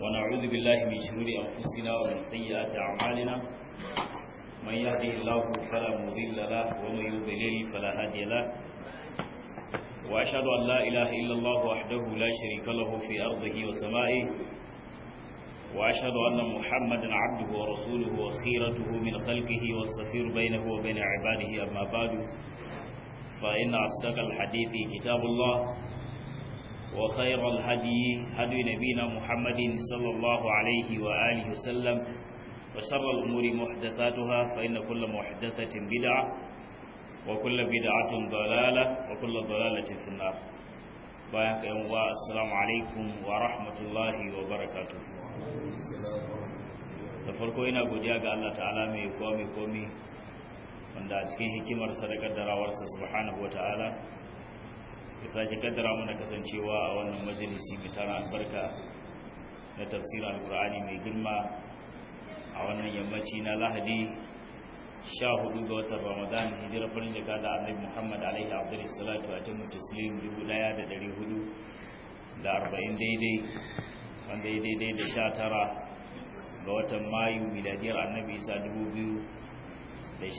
ونعوذ بالله من شرور أنفسنا ومن سيئات أعمالنا من يهده الله فلا مضل له ومن يضلل فلا هادي له وأشهد أن لا إله إلا الله وحده لا شريك له في أرضه وسمائه وأشهد أن محمدا عبده ورسوله وخيرته من خلقه والسفير بينه وبين عباده أما بعد فإن أصدق الحديث كتاب الله وخير الهدي هدي نبينا محمد صلى الله عليه وآله وسلم وشر الأمور محدثاتها فإن كل محدثة بدعة وكل بدعة ضلالة وكل ضلالة في النار بارك الله السلام عليكم ورحمة الله وبركاته da farko ina godiya ga Allah ta'ala mai komi komi wanda a cikin hikimar sadakar darawarsa subhanahu wa ta'ala ya sake kaddara mana kasancewa a wannan majalisi mai tara albarka na tafsirin alkur'ani mai girma a wannan yammaci na lahadi 14 ga watan ramadan hijirar farin jaka da annabi muhammad alaihi abdul salatu a tamu da 1440 daidai wanda ya daidai da tara ga watan mayu miladiyar annabi isa 2019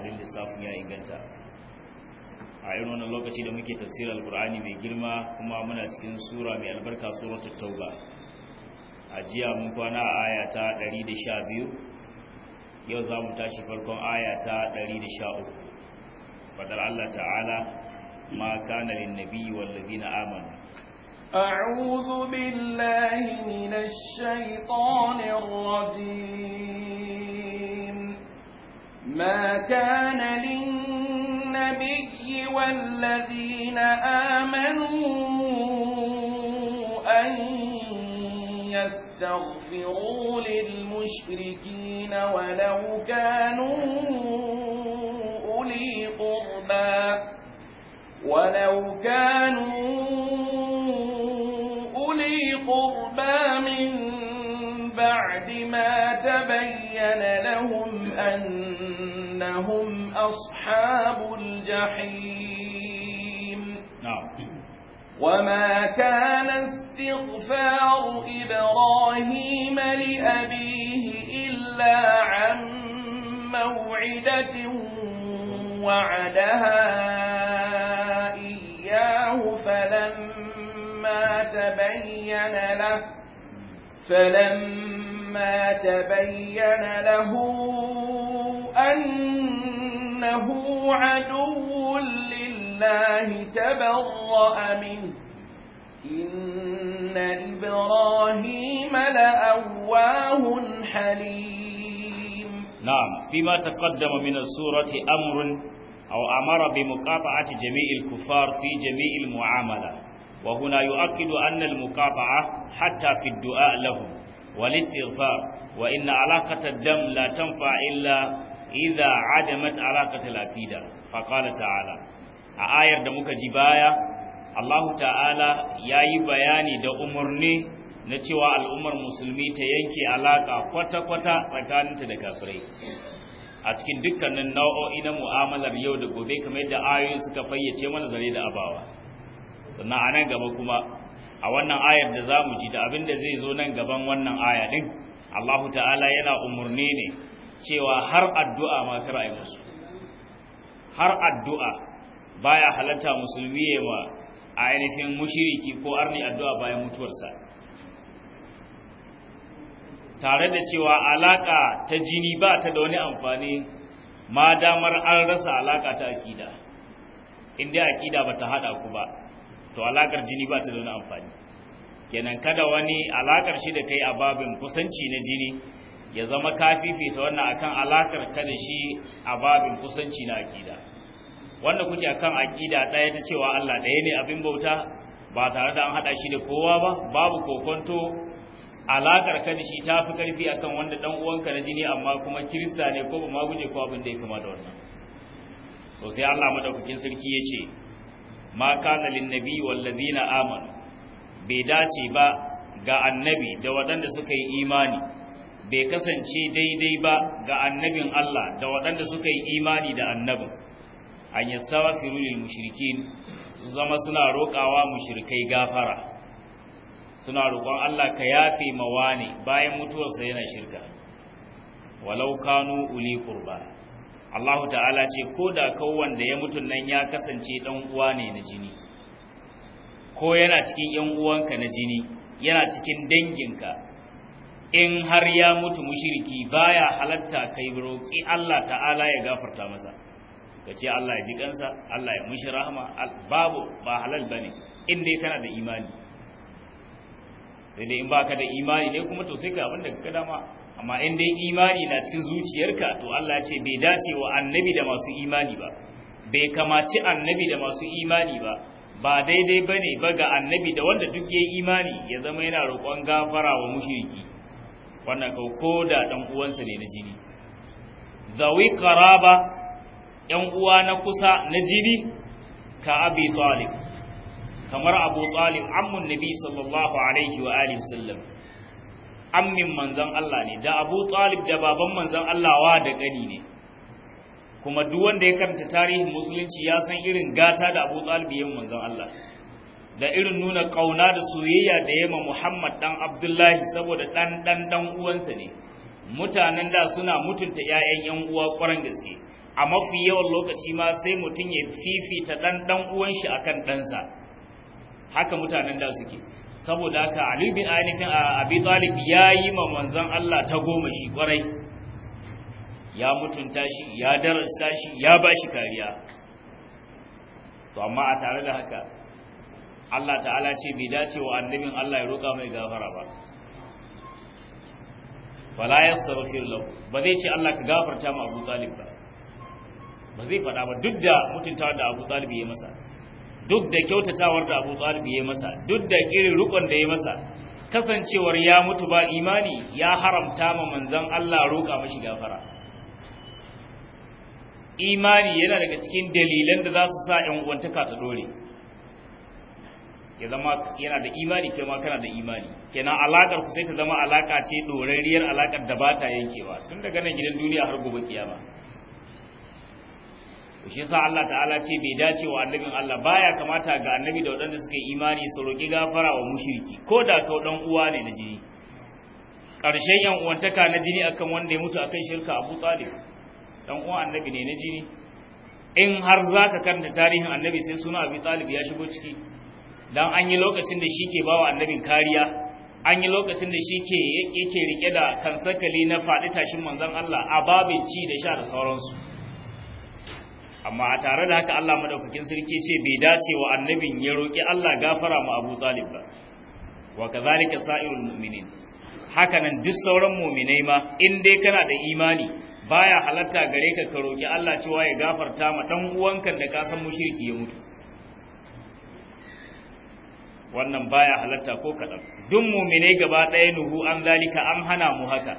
idan lissafin ya inganta a irin wannan lokaci da muke tafsir alkur'ani mai girma kuma muna cikin sura mai albarka suratu tauba a jiya mun kwana a aya ta 112 yau za mu tashi farkon aya ta 113 fadar Allah ta'ala ma kana lin nabiyyi wal ladina amanu a'udhu billahi minash shaitanir rajim ma kana lin النبي والذين آمنوا أن يستغفروا للمشركين ولو كانوا أولي قربى ولو كانوا أولي قربى من بعد ما تبين لهم أنهم أصحاب الجحيم نعم وما كان استغفار إبراهيم لأبيه إلا عن موعدة وعدها إياه فلما تبين له فلما تبين له أن أنه عدو لله تبرأ منه إن إبراهيم لأواه حليم نعم فيما تقدم من السورة أمر أو أمر بمقاطعة جميع الكفار في جميع المعاملة وهنا يؤكد أن المقاطعة حتى في الدعاء لهم والاستغفار وإن علاقة الدم لا تنفع إلا idza adamat alaqatul lafida fa qala ta'ala a ayar da muka ji baya Allah ta'ala yayi bayani da umurni na cewa al'ummar musulmi ta yanke alaka kwata-kwata tsakaninta da kafirai a cikin dukkanin nau'o'i na mu'amalar yau da gobe kamar yadda ayoyi suka fayyace mana zare da abawa sannan a nan gaba kuma a wannan ayar da za mu ji da abin da zai zo nan gaban wannan aya din Allahu ta'ala yana umurni ne cewa har addu'a ma kar a yi musu har addu'a ba ya halatta musulmi ya ma ainihin mushiriki ko arni addu'a bayan mutuwarsa tare da cewa alaka ta jini ba ta da wani amfani ma damar an rasa alaka ta akida inda akida ba ta hada ku ba to alakar jini ba ta da wani amfani kenan kada wani alakar shi da kai a babin kusanci na jini ya zama ka fifita wannan akan alakar ka da shi a babin kusanci na akida wanda kuke akan akida ɗaya ta cewa Allah ɗaya ne abin bauta ba tare da an haɗa shi da kowa ba babu kokonto alakar ka da shi ta fi ƙarfi akan wanda ɗan uwanka na jini amma kuma kirista ne ko ba ma guje ko abin da ya kama da wannan to sai Allah madaukakin sarki ya ce ma kana lin nabi wal ladina amanu bai dace ba ga annabi da waɗanda suka yi imani bai kasance daidai ba ga annabin Allah da waɗanda suka yi imani da annabin an sawa lil mushrikin su zama suna roƙawa mushrikai gafara suna roƙon Allah ka yafe mawane bayan mutuwarsa yana shirka walau kanu uli kurba Allah ta'ala ce ko da da ya mutun nan ya kasance ɗan uwa ne na jini ko yana cikin yan uwanka na jini yana cikin danginka in har ya mutu mushriki baya halatta kai roƙi Allah ta'ala ya gafarta masa kace Allah ya ji kansa Allah ya mushi rahama babu ba halal bane in dai kana da imani sai dai in baka da imani ne kuma to sai ka abin da ka dama amma in dai imani na cikin zuciyarka to Allah ya ce bai dace wa annabi da masu imani ba bai kamaci annabi da masu imani ba ba daidai bane ba ga annabi da wanda duk yayi imani ya zama yana roƙon gafara wa mushriki wannan kawo ko da ɗan'uwansa uwansa ne na jini zawi Karaba, yan uwa na kusa na jini ka abi talib kamar abu talib ammun nabi sallallahu alaihi wa alihi wasallam ammin manzon Allah ne da abu talib da baban manzon Allah wa da gani ne kuma duk wanda ya karanta tarihin musulunci ya san irin gata da abu talib yin manzon Allah da irin nuna kauna da soyayya da yamma Muhammad dan Abdullahi saboda dan dan dan uwansa ne mutanen da suna mutunta 'ya'yan yan uwa ƙwaran gaske a mafi yawan lokaci ma sai mutum ya fifita dan dan uwan shi akan ɗansa haka mutanen da suke saboda haka Ali bin Anifin Abi Talib yayi ma manzon Allah ta goma shi ƙwarai ya mutunta shi ya darasta shi ya ba shi kariya to amma a tare da haka Allah ta'ala ce bai dace wa annabin Allah ya roƙa mai gafara ba wala yastaghfir lahu ba zai ce Allah ka gafarta ma Abu Talib ba ba zai faɗa ba duk da mutuntawa da Abu Talib ya masa duk da kyautatawar da Abu Talib ya masa duk da irin rukun da ya masa kasancewar ya mutu ba imani ya haramta ma manzon Allah roƙa mashi gafara imani yana daga cikin dalilan da za su sa 'yan uwantaka ta dore ya zama yana da imani ke ma kana da imani kenan alakar ku sai ta zama alaka ce dorarriyar alakar da bata ta yankewa tun daga nan gidan duniya har gobe kiyama shi yasa Allah ta'ala ce bai dace wa annabin Allah baya kamata ga annabi da waɗanda suka yi imani su roki gafara wa mushriki ko da kau dan uwa ne na jini ƙarshen yan uwantaka na jini akan wanda ya mutu akan shirka Abu Talib dan uwa annabi ne na jini in har zaka karanta tarihin annabi sai suna Abi Talib ya shigo ciki dan an yi lokacin da shi ke bawa annabin kariya an yi lokacin da shi ke yake rike da kansakali na faɗi tashin manzon Allah a babin ci da sha da sauransu amma a tare da haka Allah madaukakin sarki ce bai dace wa annabin ya roki Allah gafara ma Abu Talib ba wa kazalika sa'irul mu'minin Haka nan duk sauran mu'minai ma in dai kana da imani baya halatta gare ka ka roki Allah cewa ya gafarta ma dan uwanka da ka san mushriki ya mutu wannan baya halatta ko kaɗan duk mumine gaba ɗaya nuhu an zalika an hana mu haka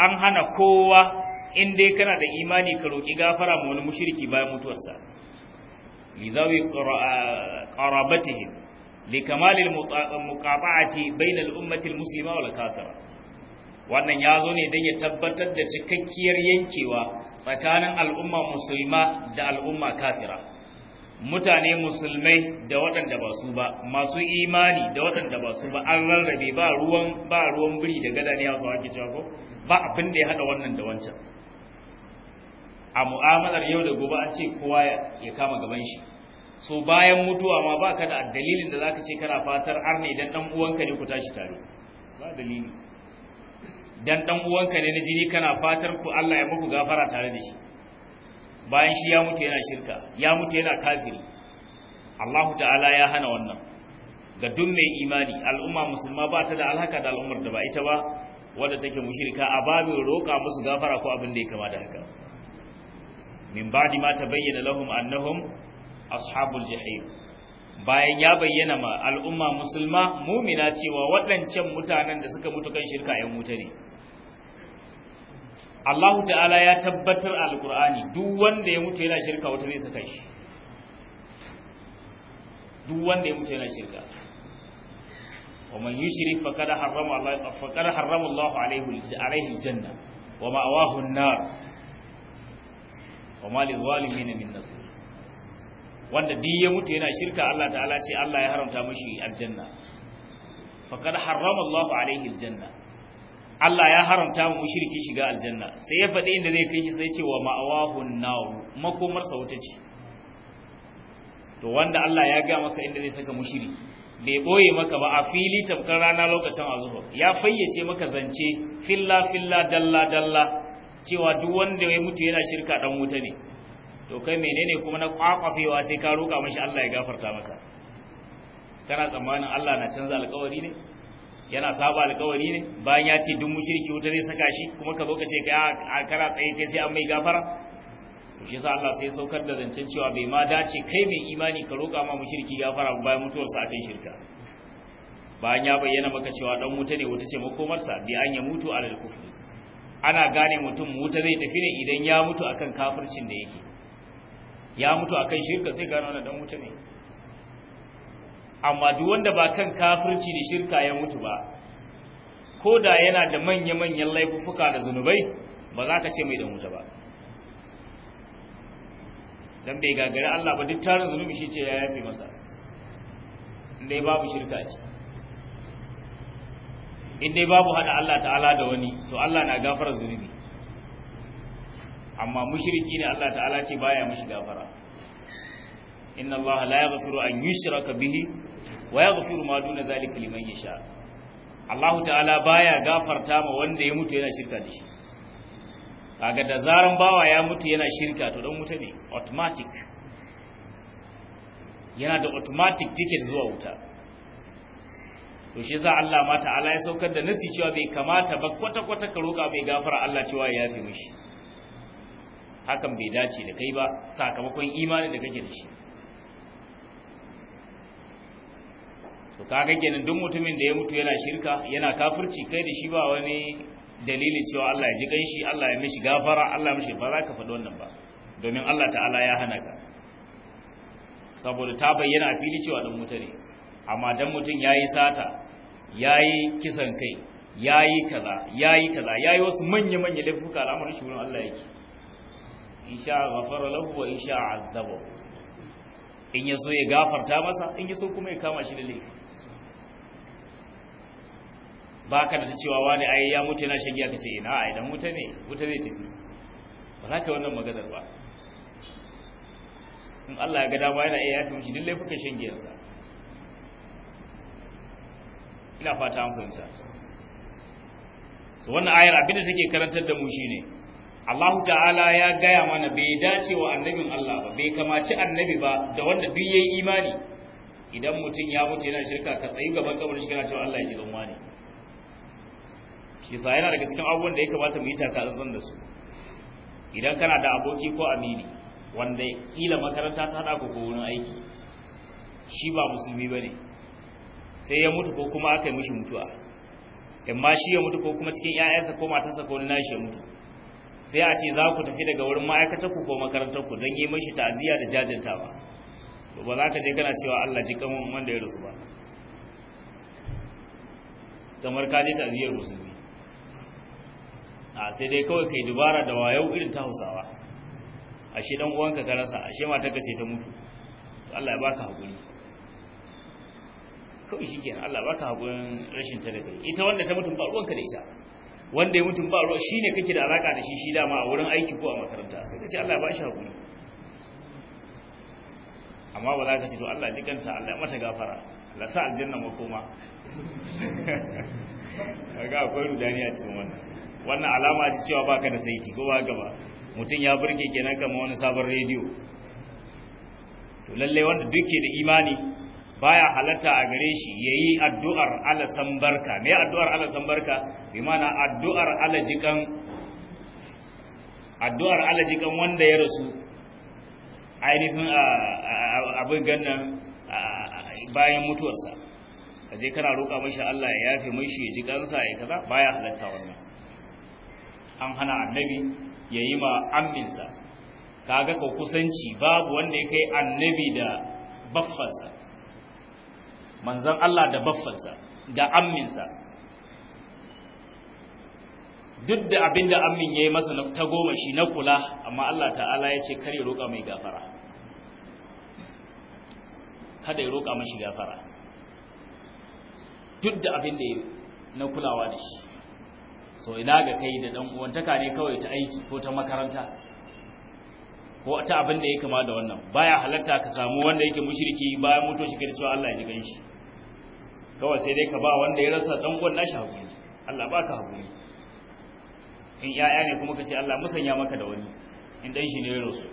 an hana kowa in dai kana da imani ka roƙi gafara ma wani mushriki bayan mutuwarsa lidawi qarabatihim likamal almuqaba'ati bayna al-ummati al-muslima wal kafira wannan ya zo ne dan ya tabbatar da cikakkiyar yankewa tsakanin al'umma musulma da al'umma kafira mutane musulmai da waɗanda ba su ba masu imani da waɗanda ba su ba an rarrabe ba ruwan ba ruwan biri da gada ne a su ake ko ba abin da ya hada wannan da wancan a mu'amalar yau da gobe an ce kowa ya kama gaban shi so bayan mutuwa ma ba ka da dalilin da zaka ce kana fatar har ne dan dan uwanka ne ku tashi tare ba dalili dan dan uwanka ne na jini kana fatar ku Allah ya muku gafara tare da shi bayan shi ya mutu yana shirka ya mutu yana kafiri Allahu ta'ala ya hana wannan ga duk mai imani al'umma musulma ba ta da alhaka da al'ummar da ba ita ba wadda take mushrika a babu roƙa musu gafara ko abin da ya kama da haka min ba'di ma tabayyana lahum annahum ashabul jahim bayan ya bayyana ma al'umma musulma mumina cewa waɗancan mutanen da suka mutu kan shirka 'yan wuta ne Allah ta'ala ya tabbatar a alkur'ani duk wanda ya mutu yana shirka wata zai saka shi duk wanda ya mutu yana shirka wa man yushrik faqad harrama Allah faqad harrama Allah alayhi alayhi janna, wa ma'awahu an-nar wa ma lizalimin min nasir wanda duk ya mutu yana shirka Allah ta'ala ce Allah ya haramta mishi aljanna faqad harrama Allah alayhi aljanna Allah ya haramta mu mushriki shiga aljanna sai ya faɗi inda zai kai shi sai ce wa ma'awahun nar makomar sa wuta ce to wanda Allah ya ga maka inda zai saka mushiri, bai boye maka ba a fili tamkar rana lokacin azhar ya fayyace maka zance filla filla dalla dalla cewa duk wanda ya mutu yana shirka dan wuta ne to kai menene kuma na kwakwafewa sai ka roka mashi Allah ya gafarta masa kana tsammanin Allah na canza alƙawari ne yana saba alkawari ne bayan ya ce duk mushriki wuta zai saka shi kuma ka zo ka ce a kana tsaye kai sai an mai gafara to shi yasa Allah sai saukar da zancen cewa bai ma dace kai mai imani ka roƙa ma mushriki gafara bayan mutuwarsa akan shirka bayan ya bayyana maka cewa dan wuta ne wuta ce sa bi an ya mutu alal kufr ana gane mutum wuta zai tafi ne idan ya mutu akan kafircin da yake ya mutu akan shirka sai gane wannan dan wuta ne amma duk wanda ba kan kafirci da shirka ya mutu ba ko da yana da manya-manyan laifuka da zunubai ba za ka ce mai da mutu ba don bai gagari Allah ba duk tarin zunubi shi ce ya yafe masa inda babu shirka ce inda babu hada Allah ta'ala da wani to Allah na gafara zunubi amma mushriki ne Allah ta'ala ce baya mushi gafara inna Allah la yaghfiru an yushraka bihi wa yaghfiru ma duna zalik liman yasha Allahu ta'ala baya gafarta ma wanda ya mutu yana shirka da shi kaga da zaran bawa ya mutu yana shirka to dan wuta ne automatic yana da automatic ticket zuwa wuta to shi yasa Allah ma ta'ala ya saukar da nasi cewa bai kamata ba kwata-kwata ka roka bai gafara Allah cewa ya yafi mishi hakan bai dace da kai ba sakamakon imani da kake da shi to kaga kenan duk mutumin da ya mutu yana shirka yana kafirci kai da shi ba wani dalilin cewa Allah ya ji ganshi Allah ya mishi gafara Allah ya mishi ba za ka faɗi wannan ba domin Allah ta'ala ya hana ka saboda ta bayyana fili cewa dan mutu ne amma dan mutum yayi sata yayi kisan kai yayi kaza yayi kaza yayi wasu manya manya laifuka al'amarin shi wurin Allah yake insha ghafara lahu wa insha azabahu in yaso ya gafarta masa in yaso kuma ya kama shi da laifi ba ka da cewa wani ai ya mutu yana shan giya ka ce ina ai dan wuta ne wuta zai tafi ba za ka wannan maganar ba in Allah ya ga dama yana iya yafi mushi, dillai kuka shan giyarsa ina fata an fahimta so wannan ayar abinda take karantar da mu shine Allah ta'ala ya gaya mana bai dace wa annabin Allah ba bai kamaci annabi ba da wanda duk yayi imani idan mutum ya mutu yana shirka ka tsayi gaban kabarin shi kana cewa Allah ya shiga wani kisa yana daga cikin abubuwan da ya kamata mu yi takatsantsan da su idan kana da aboki ko amini wanda kila makaranta ta hada ku ko wurin aiki shi ba musulmi bane sai ya mutu ko kuma aka yi mishi mutuwa amma shi ya mutu ko kuma cikin 'ya'yansa ko matarsa ko wani nashi ya mutu sai a ce za ku tafi daga wurin ma'aikatar ku ko makarantar ku don yi mishi ta'aziyya da jajantawa to ba za ka je kana cewa Allah ji kan wanda ya rusu ba kamar ka je ta'aziyyar musulmi a sai dai kawai kai dubara da wayau irin ta hausawa ashe dan uwanka ka rasa ashe mata kace ta mutu to Allah ya baka hakuri kawai kenan Allah ya baka hakurin rashin ta da kai ita wanda ta mutu ba uwanka da ita wanda ya mutu ba ruwa shine kake da alaka da shi shi dama a wurin aiki ko a makaranta sai kace Allah ya bashi hakuri amma ba za ka ce to Allah ji kanta Allah ya mata gafara Allah sa aljanna makoma ga akwai rudani a cikin wannan wannan alama ce cewa baka da saiti ko ba gaba mutum ya burge kenan kamar wani sabon rediyo to lalle wanda duke da imani baya halatta a gare shi yayi addu'ar Allah san barka me addu'ar Allah san barka bi mana addu'ar Allah jikan addu'ar Allah jikan wanda ya rasu ainihin abin gannan bayan mutuwarsa aje kana roƙa mashi Allah ya yafe mashi ya ji kansa ya kaza baya halatta wannan an hana annabi ya yi ma amminsa kaga ko kusanci babu wanda ya kai annabi da baffansa manzan Allah da baffansa da amminsa duk da abin da amin ya yi masa ta goma shi na kula amma Allah ta'ala ya ce kare roƙa mai gafara kada ya roƙa mashi gafara duk da abin da ya yi na kulawa da shi so ina ga kai da dan uwantaka ne kawai ta aiki ko ta makaranta ko ta abin da ya kama da wannan baya halatta ka samu wanda yake mushriki bayan muto shi kai cewa Allah ya ji ganshi kawai sai dai ka ba wanda ya rasa dan uwan nashi hakuri Allah baka hakuri in yaya ne kuma ka ce Allah musanya maka da wani in dan shi ne ya rasu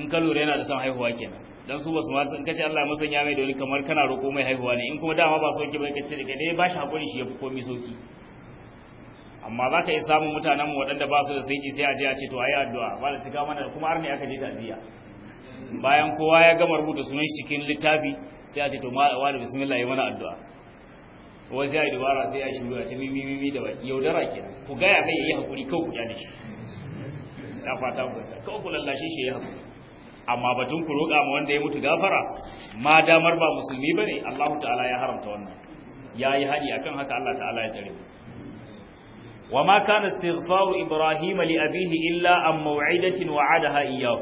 in ka lura yana da son haihuwa kenan dan su basu ma sun kace Allah musanya mai da wani kamar kana roko mai haihuwa ne in kuma dama ba soki ba kace daga dai ba shi hakuri shi ya fi komai soki amma za ka yi samun mutanen mu waɗanda ba su da sai sai a je a ce to ayi addu'a ba da cika mana kuma har ne aka je ta'ziya bayan kowa ya gama rubuta sunan shi cikin littafi sai a ce to wa da bismillah yi mana addu'a wai sai a yi dubara sai a shiru a ta mimi mimi da baki yaudara ke ku gaya mai yayi hakuri kawai ku da shi Ya fata ku ta kawai ku lallashe shi ya hakuri amma batun ku roƙa ma wanda ya mutu gafara ma damar ba musulmi bane Allahu ta'ala ya haramta wannan yayi hadi akan haka Allah ta'ala ya tsare mu وما كان استغفار إبراهيم لأبيه إلا عن موعدة وعدها إياه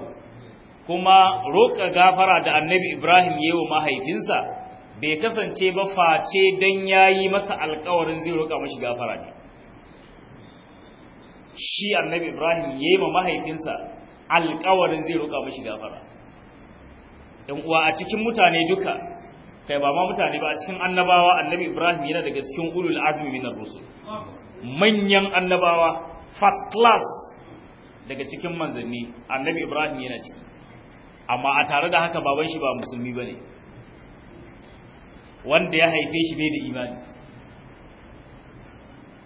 كما روك غافرة النبي إبراهيم يو ما هيفنسا bai kasance ba face dan yayi masa alƙawarin zai roƙa mashi gafara ne shi annabi Ibrahim ya yi ma mahaifinsa alƙawarin zai roƙa mashi gafara ɗan uwa a cikin mutane duka kai ba ma mutane ba a cikin annabawa annabi Ibrahim yana daga cikin ulul azumi na rusul manyan annabawa first class daga cikin manzanni annabi ibrahim yana ciki amma a tare da haka baban shi ba musulmi ba ne wanda ya haife shi bai da imani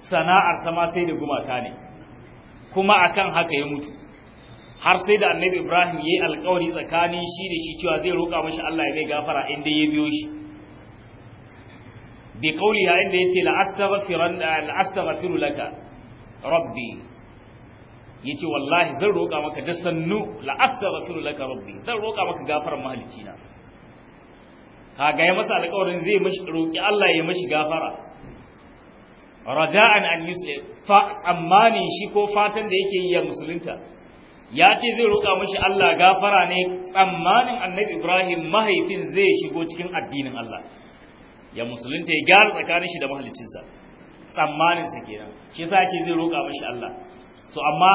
sana'ar sama sai da gumaka ne kuma akan haka ya mutu har sai da annabi ibrahim ya yi alkawari tsakanin shi da shi cewa zai roƙa mashi allah ya mai gafara inda ya biyo shi bi ya inda yace la astaghfiran la astaghfiru laka rabbi yace wallahi zan roƙa maka da sannu la astaghfiru laka rabbi zan roƙa maka gafaran mahalicina ga ya masa alƙawarin zai mishi roƙi Allah ya mishi gafara raja'an an yusli fa tsammanin shi ko fatan da yake yi ya musulunta ya ce zai roƙa mishi Allah gafara ne tsammanin annabi Ibrahim mahaifin zai shigo cikin addinin Allah ya musulunta ya gyara tsakanin shi da mahalicinsa, tsammanin sa kenan shi yasa ce zai roƙa mashi Allah so amma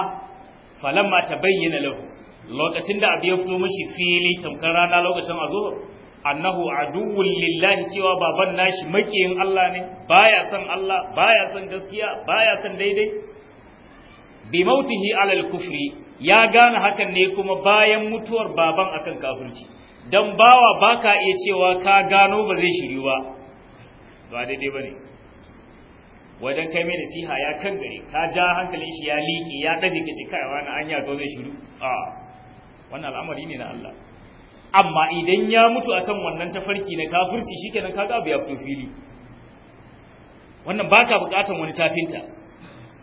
falamma bayyana lahu lokacin da abu ya fito mashi fili tamkar rana lokacin azhar annahu aduwwul lillahi cewa baban nashi makiyin Allah ne baya son Allah baya son gaskiya baya son daidai bi mautihi alal kufri ya gane hakan ne kuma bayan mutuwar baban akan kafirci dan bawa baka iya cewa ka gano ba zai shiryu ba ba daidai ba ne wajen kai mai nasiha ya kan gare ka ja hankalin shi ya liƙe ya ɗabi ka ce kai wani an yaga zai shiru a wannan al'amari ne na Allah amma idan ya mutu akan wannan tafarki na kafirci shikenan kaga abu ya fito fili wannan baka bukatan wani tafinta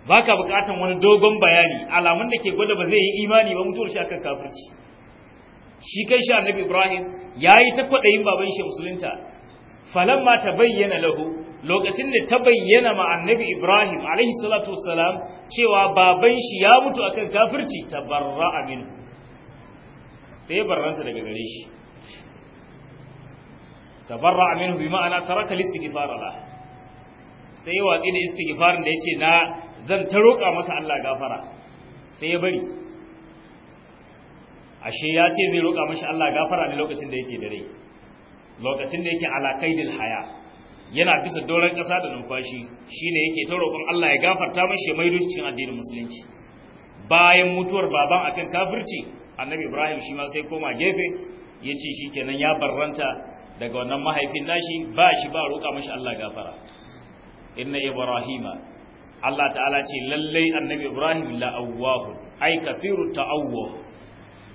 baka bukatan wani dogon bayani alamun da ke gwada ba zai yi imani ba mutuwar shi akan kafirci shi kai shi annabi Ibrahim yayi ta kwaɗayin baban shi musulunta ma ta bayyana lahu lokacin da ta bayyana ma annabi Ibrahim alaihi salatu wassalam cewa baban shi ya mutu akan kafirci barra Aminu. sai barranta daga gare shi Ta tabarra'a minhu bi ma'ana taraka al-istighfar la sai ya watsi da istighfarin da ya ce na zan ta roƙa masa Allah gafara sai ya bari ashe ya ce zai roƙa mashi Allah gafara ne lokacin da yake da rai lokacin da yake dil haya yana bisa doron ƙasa da numfashi shine yake ta roƙon Allah ya gafarta mashi mai cikin addinin musulunci bayan mutuwar baban akan kafirci annabi ibrahim shi ma sai koma gefe ya ce shi kenan ya barranta daga wannan mahaifin nashi ba shi ba roƙa mashi Allah gafara inna ibrahima Allah ta'ala ce lallai annabi ibrahim la'awwahu ay kathiru ta'awwuh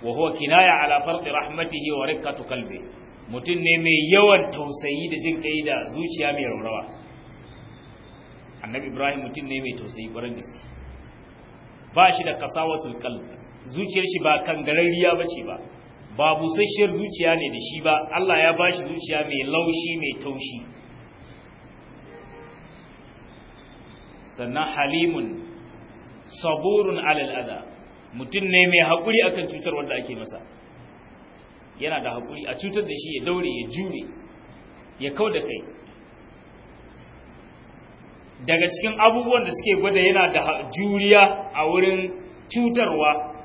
wa huwa kinaya ala fardi rahmatihi wa riqqatu qalbihi mutum ne mai yawan tausayi da jin kai da zuciya mai raurawa annabi ibrahim mutum ne mai tausayi ƙwarar gaske ba shi da kasawa qalb zuciyar shi ba kangararriya bace ba ba busasshiyar zuciya ne da shi ba Allah ya ba shi zuciya mai laushi mai taushi sannan halimun saburun alal mutum ne mai haƙuri akan cutar wanda ake masa yana da hakuri a cutar da shi ya daure ya jure ya kau da kai daga cikin abubuwan da suke gwada yana da juriya a wurin cutarwa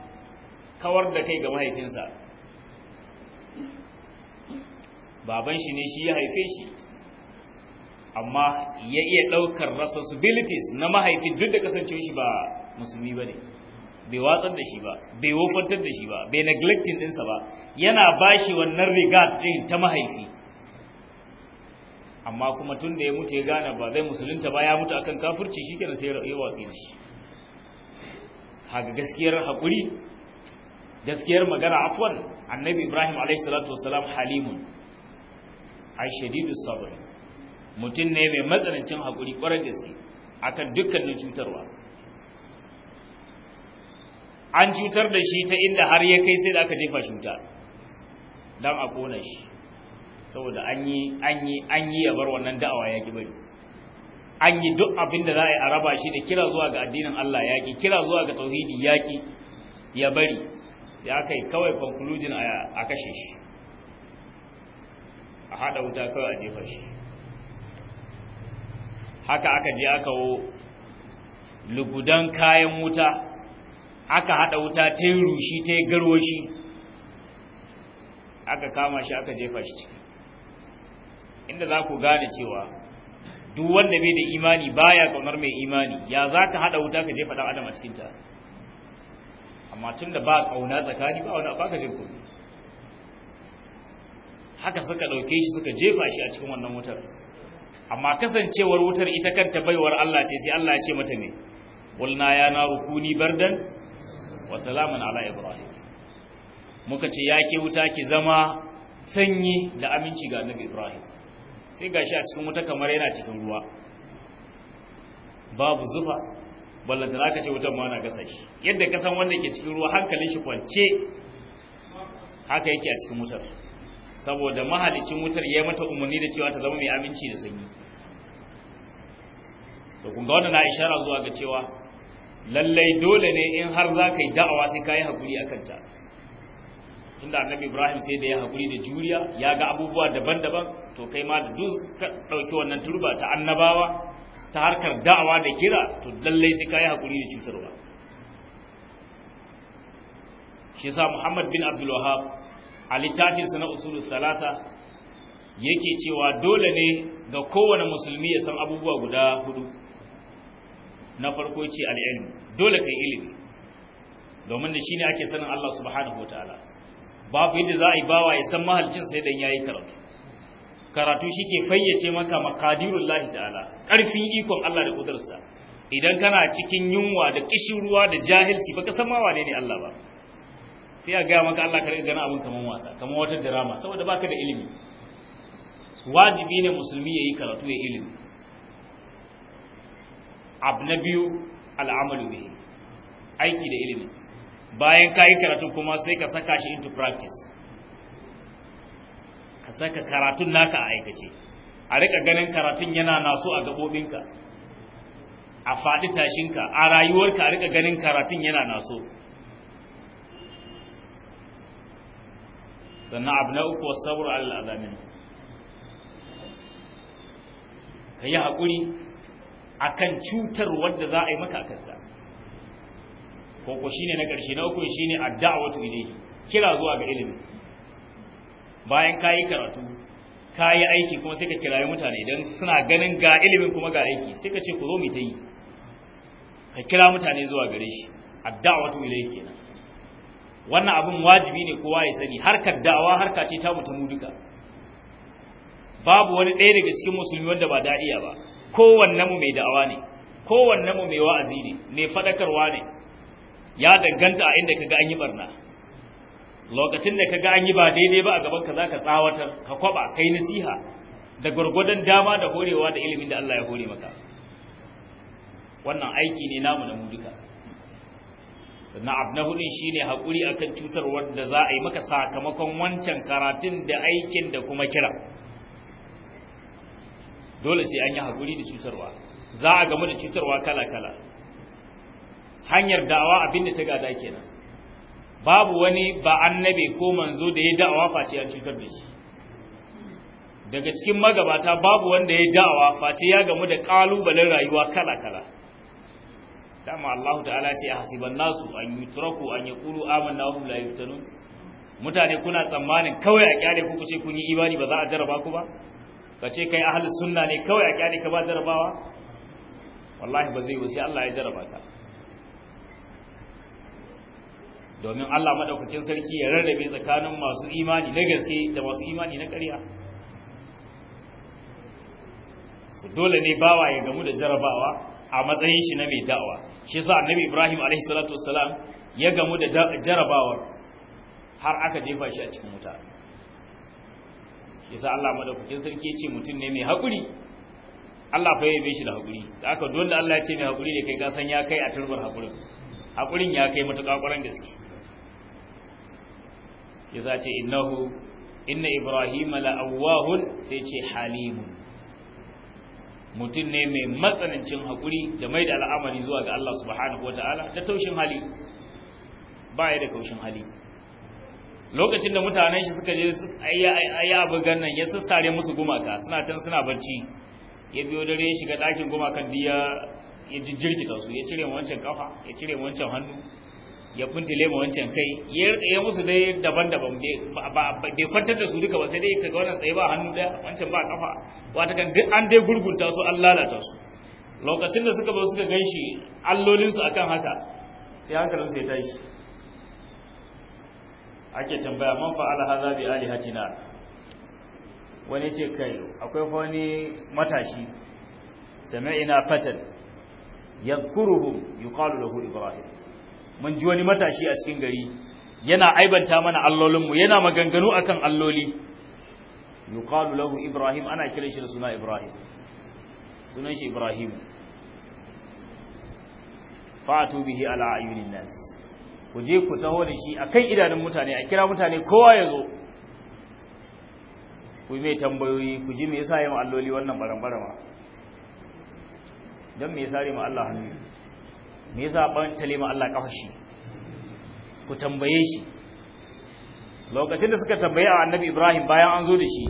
kawar da kai ga mahaifinsa baban shi ne shi ya haife shi amma ya iya ɗaukar responsibilities na mahaifin duk da kasancewa shi ba musulmi ba ne bai watsar da shi ba bai wofantar da shi ba bai neglecting ɗinsa ba yana ba shi wannan rigat din ta mahaifi amma kuma tun da ya mutu ya gane ba zai musulunta ba ya mutu akan kafirci kenan sai ya watsi da shi haka gaskiyar hakuri gaskiyar magana afwan annabi ibrahim alaihi salatu wasalam halimun ai shadidu sabr mutum ne mai matsanancin hakuri kwarar gaske akan dukkanin cutarwa an cutar da shi ta inda har ya kai sai da aka jefa shi dan a kona shi saboda an yi an ya bar wannan da'awa ya ki bari an yi duk abin da za a yi a raba shi da kira zuwa ga addinin Allah ya ki kira zuwa ga tauhidi ya ki ya bari sai aka yi kawai conclusion a kashe shi a haɗa wuta kawai a jefa shi haka aka je aka wo lugudan kayan wuta aka haɗa wuta ta yi rushi ta yi garwashi aka kama shi aka jefa shi ciki inda za ku gane cewa duk wanda bai da imani baya kaunar mai imani ya za ka haɗa wuta ka jefa dan adam a cikinta amma tun da ba kauna tsakani ba wani abaka jefa jin kuɗi haka suka ɗauke shi suka jefa shi a cikin wannan wutar amma kasancewar wutar ita kanta baiwar Allah ce sai Allah ya ce mata me qulna ya naru kuni bardan wa salaman ala ibrahim muka ce ya ke wuta ki zama sanyi da aminci ga annabi ibrahim sai gashi a cikin wuta kamar yana cikin ruwa babu zufa ballanta za ka ce wutan ma na gasa shi yadda ka san wanda ke cikin ruwa hankalin shi kwance haka yake a cikin wutar saboda mahalicin wutar ya mata umarni da cewa ta zama mai aminci da sanyi so kun ga wannan na ishara zuwa ga cewa lallai dole ne in har za ka yi da'awa sai ka yi hakuri a kanta tunda annabi ibrahim sai da ya haƙuri da juriya ya ga abubuwa daban-daban to kai ma da duk ka ɗauki wannan turba ta annabawa ta harkar da'awa da kira to lallai sai ka yi haƙuri da cutarwa shi sa muhammad bin abdul wahab a littafinsa na usulul salata yake cewa dole ne ga kowane musulmi ya san abubuwa guda hudu na farko ce al'ilmi dole kai ilimi domin da shine ake sanin Allah subhanahu wataala babu yadda za a yi bawa ya san mahalcin sai dan yayi karatu karatu shi ke fayyace maka maqadirul lahi ta'ala karfin ikon Allah da kudarsa idan kana cikin yunwa da kishirwa da jahilci baka san ma wane ne Allah ba sai a gaya maka Allah karka gana abin kaman wasa kaman wata drama saboda baka da ilimi wajibi ne musulmi yayi karatu ya ilimi abu na biyu al'amalu ne aiki da ilimi bayan ka yi karatu kuma sai ka saka shi into practice ka saka karatun naka a aikace a rika ganin karatun yana naso a gaɓoɓinka a faɗi tashinka a rayuwarka a rika ganin karatun yana naso sannan abu na uku wasu allah zamani ka yi haƙuri a kan cutar wadda za a yi maka kansa ko ko shine na ƙarshe na uku shine adda'watu ilayhi kira zuwa ga ilimi bayan kayi karatu kayi aiki kuma sai ka kirayi mutane dan suna ganin ga ilimin kuma ga aiki sai ka ce ku zo mu ta yi ka kira mutane zuwa gare shi adda'watu ilayhi kenan wannan abin wajibi ne kowa ya sani harkar da'awa harka ce ta mutum duka babu wani ɗaya daga cikin musulmi wanda ba da'iya ba kowanne mu mai da'awa ne kowanne mu mai wa'azi ne mai fadakarwa ne ya danganta a inda kaga an yi barna lokacin da kaga an yi ba daidai ba a gaban ka zaka tsawatar ka kwaba kai nasiha da gwargwadon dama da horewa da ilimin da Allah ya hore maka wannan aiki ne namu na mu duka sannan abu na shine hakuri akan cutarwar da za a yi maka sakamakon wancan karatun da aikin da kuma kira dole sai an yi hakuri da cutarwa za a gamu da cutarwa kala-kala hanyar da'awa abin da ta gada kenan babu wani ba annabi ko manzo da ya da'awa face ya cutar da shi daga cikin magabata babu wanda ya da'awa face ya gamu da kalubalen rayuwa kala kala dama Allah ta'ala ce hasiban nasu an yutraku an yaqulu amanna wa hum la yuftanun mutane kuna tsammanin kawai a kyare ku kuce kun yi imani ba za a jarraba ku ba ce kai ahlus sunna ne kawai a kyare ka ba jarrabawa wallahi ba zai wuce Allah ya jarraba ka domin Allah madaukakin sarki ya rarrabe tsakanin masu imani na gaske da masu imani na ƙarya su dole ne bawa ya gamu da jarabawa a matsayin shi na mai da'awa shi sa annabi Ibrahim alaihi salatu wassalam ya gamu da jarabawar har aka jefa shi a cikin wuta shi sa Allah madaukakin sarki ya ce mutum ne mai haƙuri Allah fa yabe shi da haƙuri da aka dole Allah ya ce mai haƙuri ne kai ka san ya kai a turbar haƙurin haƙurin ya kai matuƙa ƙwarar gaske ya za ce innahu inna ibrahim la'awahun sai ce halimun mutum ne mai matsanancin haƙuri da mai da al'amari zuwa ga Allah subhanahu wa ta'ala da taushin hali ba ya da taushin hali lokacin da mutanen shi suka je ayi abu gannan ya sassare musu gumaka suna can suna barci ya biyo dare ya shiga ɗakin gumakan diya ya jirgita su ya cire wancan kafa ya cire wancan hannu ya funtile ma wancan kai ya musu dai daban-daban bai kwantar da su duka ba sai dai ka ga wannan tsaye ba hannu da wancan ba kafa wata kan duk an dai gurgunta su an lalata su lokacin da suka zo suka gan shi allolinsu akan haka sai hankalin sai tashi ake tambaya man fa'ala hadha bi alihatina wani ce kai akwai fa wani matashi sami'ina fatan yadhkuruhum yuqalu lahu ibrahim mun ji wani matashi a cikin gari yana aibanta mana allolinmu yana maganganu akan alloli yuqalu lahu ibrahim ana kiran shi da suna ibrahim sunan shi ibrahim fatu bihi ala ayunin nas ku je ku taho da shi akan idanun mutane a kira mutane kowa ya zo ku yi mai tambayoyi ku ji me yasa yin alloli wannan baran barama don me yasa rima Allah hannu me yasa ban talima Allah kafa shi ku tambaye shi lokacin da suka tambaye annabi Ibrahim bayan an zo da shi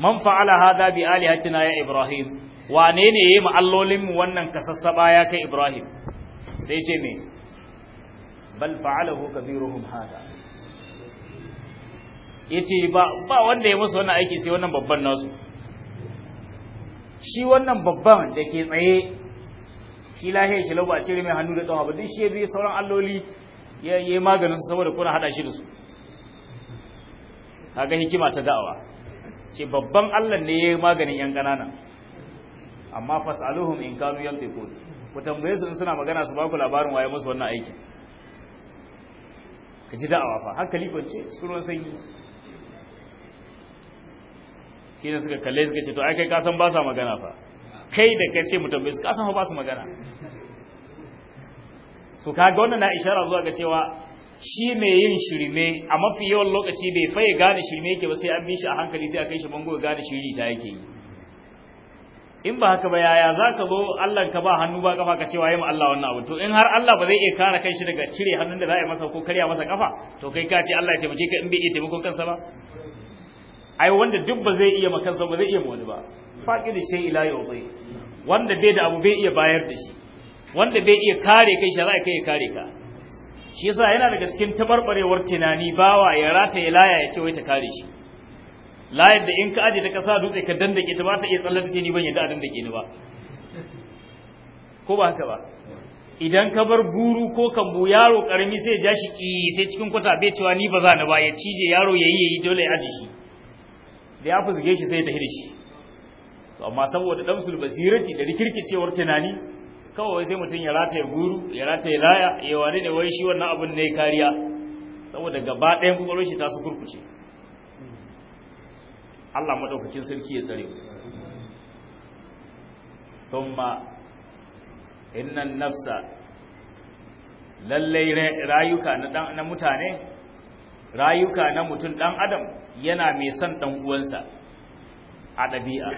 man fa'ala hadha bi alihatina ya Ibrahim wane ne yayi ma'allolin mu wannan kasassaba ya kai Ibrahim sai ce me bal fa'alahu kabiruhum hadha yace ba ba wanda ya musu wannan aiki sai wannan babban nasu shi wannan babban da ke tsaye shi lahiyar shi lau ba a cire mai hannu da tsawa ba duk shi ya bi sauran alloli ya yi maganin su saboda kuna hada shi da su kaga hikima ta da'awa ce babban Allah ne ya yi maganin yan ƙanana amma fasaluhum in kanu kodi ku tambaye su in suna magana su ba ku labarin waye musu wannan aiki ka ji da'awa fa hankali ce cikin ruwan sanyi shi ne suka kalle suka ce to ai kai ka san ba sa magana fa kai da ka ce mutum su kasan ba su magana su kaga wannan na ishara zuwa ga cewa shi mai yin shirme a mafi yawan lokaci bai faye gane shirme yake ba sai an bi shi a hankali sai a kai shi bango gane shiri ta yake yi in ba haka ba yaya za ka zo Allah ka ba hannu ba kafa ka cewa yi ma Allah wannan abu to in har Allah ba zai iya kare kai shi daga cire hannun da za a yi masa ko karya masa kafa to kai ka ce Allah ya taimake ka in bai iya taimakon kansa ba ai wanda duk ba zai iya makansa ba zai iya wani ba faqir shay ila yudhi wanda bai da abu bai iya bayar da shi wanda bai iya kare kai shari'a kai ya kare ka shi yasa yana daga cikin tabarbarewar tunani bawa ya rata ya laya ya ce wai ta kare shi laya da in ka aje ta kasa dutse ka dandake ta ba ta iya tsallata ce ni ban yadda a dandake ni ba ko ba haka ba idan ka bar guru ko kambu yaro karami sai ja shi ki sai cikin kwata bai cewa ni ba za ni ba ya cije yaro yayi yayi dole ya aje shi da ya fuzge shi sai ta tafi da shi amma saboda damsul basirati da rikirkicewar tunani kawai sai mutum ya rata ya guru ya rata ya laya ya wani ne wai shi wannan abin ne kariya saboda gaba ɗayan kwakwalwar shi ta su kurkuce Allah madaukakin sarki ya tsare thumma innan nafsa lallai rayuka na mutane rayuka na mutum dan adam yana mai son dan uwansa a ɗabi'a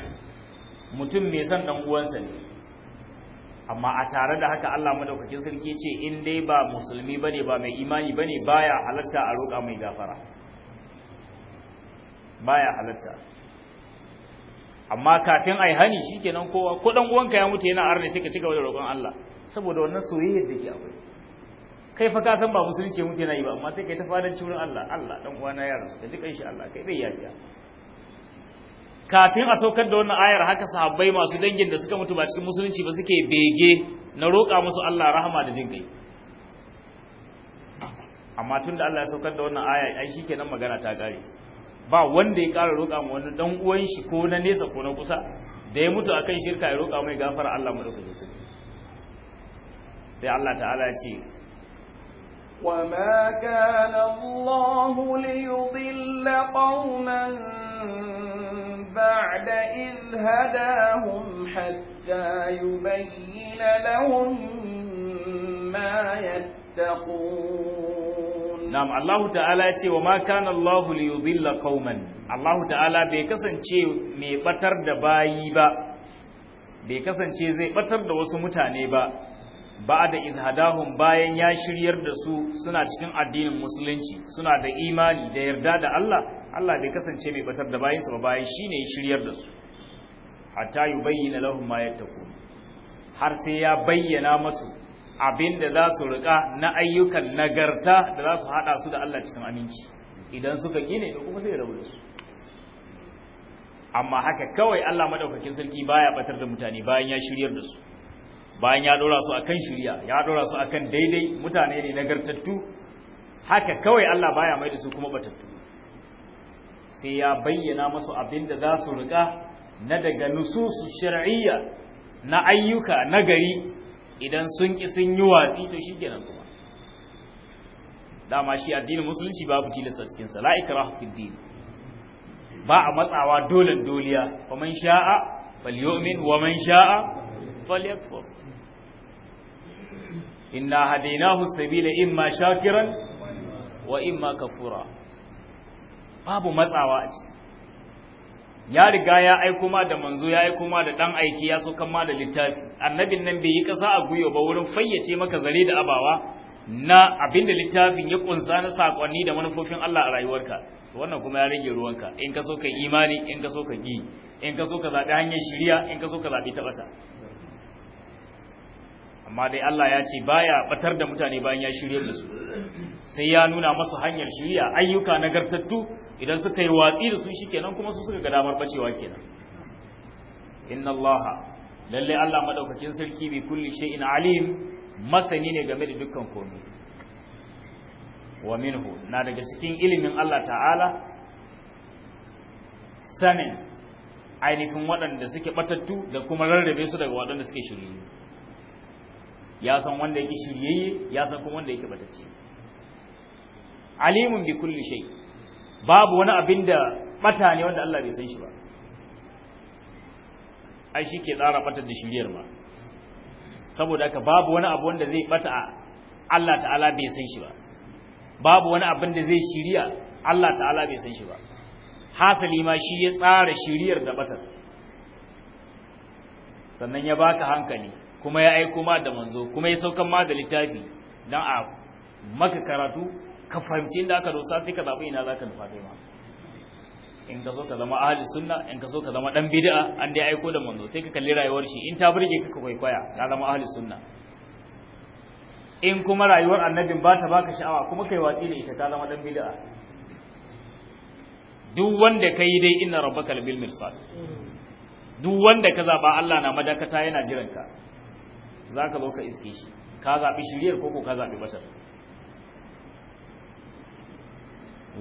mutum mai son dan uwansa ne amma a tare da haka Allah madaukakin sarki ce in dai ba musulmi bane ba mai imani bane baya halatta a roƙa mai gafara baya halatta amma kafin ai hani shikenan kowa ko dan uwanka ya mutu yana arne sai ka gaba da roƙon Allah saboda wannan soyayyar da ke akwai kai fa ka san ba musulunci mutu yana yi ba amma sai kai ta fadan cikin Allah Allah dan uwana ya rasu ka ji kai shi Allah kai bai yafiya kafin a saukar da wannan ayar haka sahabbai masu dangin da suka mutu ba cikin musulunci ba suke bege na roƙa musu Allah rahama da jin kai amma tunda Allah ya saukar da wannan aya ai shikenan magana ta gare ba wanda ya ƙara roƙa mu wani dan uwan shi ko na nesa ko na kusa da ya mutu akan shirka ya roƙa mai gafara Allah mu dauke sai Allah ta'ala ya ce وما كان الله ليضل قوما بعد إذ هداهم حتى يبين لهم ما يتقون نعم الله تعالى يقول وما كان الله ليضل قوما الله تعالى بيكسن شيء ميبتر دبايبا bai kasance zai batar da wasu mutane ba ba'da idh hadahum bayan ya shiryar da su suna cikin addinin musulunci suna da imani da yarda da Allah Allah bai kasance mai batar da bayansa ba bayan shine ya shiryar da su hatta yubayyana lahum ma yattaqun har sai ya bayyana masu abinda za su rika na ayyukan nagarta da za su hada su da Allah cikin aminci idan suka gine kuma sai ya rabu su amma haka kawai Allah madaukakin sarki baya batar da mutane bayan ya shiryar da su bayan ya dora su akan shirya ya dora su akan daidai mutane ne nagartattu haka kawai Allah baya mai da su kuma batattu sai ya bayyana masu abin da za su riga na daga nususu shar'iyya na ayyuka na gari idan sun ki sun yi watsi to shikenan kuma dama shi addinin musulunci babu tilasta cikin sa la ikraha fid din ba a matsawa dole doliya faman sha'a falyu'min wa man sha'a falyakfur inna hadainahu sabila imma shakiran wa imma kafura babu matsawa a ya riga ya aiko ma da manzo ya aiko ma da dan aiki ya so kan ma da littafi annabin nan bai yi kasa a guyo ba wurin fayyace maka zare da abawa na abinda littafin ya kunsa na sakonni da manufofin Allah a rayuwarka wannan kuma ya rage ruwanka in ka so ka imani in ka so ka gi in ka so ka zabi hanyar shiriya in ka so ka zabi tabata amma dai Allah ya ce baya batar da mutane bayan ya shirye da su sai ya nuna masu hanyar shirya ayyuka nagartattu idan suka yi watsi da su shikenan kuma su suka gadamar damar bacewa kenan inna Allah lalle Allah madaukakin sarki bi kulli shay'in alim masani ne game da dukkan komai wa minhu na daga cikin ilimin Allah ta'ala sanin ainihin waɗanda suke batattu da kuma rarrabe su daga waɗanda suke shirye ya san wanda yake shiryayye ya san kuma wanda yake batacce alimun bi kulli shay babu wani abin da bata ne wanda Allah bai san shi ba ai shi ke tsara batar da shiryar ma saboda haka babu wani abu wanda zai bata Allah ta'ala bai san shi ba babu wani abin da zai shiriya Allah ta'ala bai san shi ba hasali ma shi ya tsara shiriyar da batar sannan ya baka hankali kuma ya aiko ma da manzo kuma ya saukan ma da littafi dan a maka karatu ka fahimci inda aka dosa sai ka zabi ina zaka nufa kai ma in ka so ka zama ahli sunna in ka so ka zama dan bid'a an dai aiko da manzo sai ka kalli rayuwar shi in ta burge ka kwaikwaya ka zama ahli sunna in kuma rayuwar annabin ba ta baka sha'awa kuma kai watsi da ita ka zama dan bid'a duk wanda kai dai inna rabbaka bil mirsad duk wanda ka zaba Allah na madakata yana jiranka za ka zo ka iske shi ka zaɓi shiriyar koko ka zaɓi batar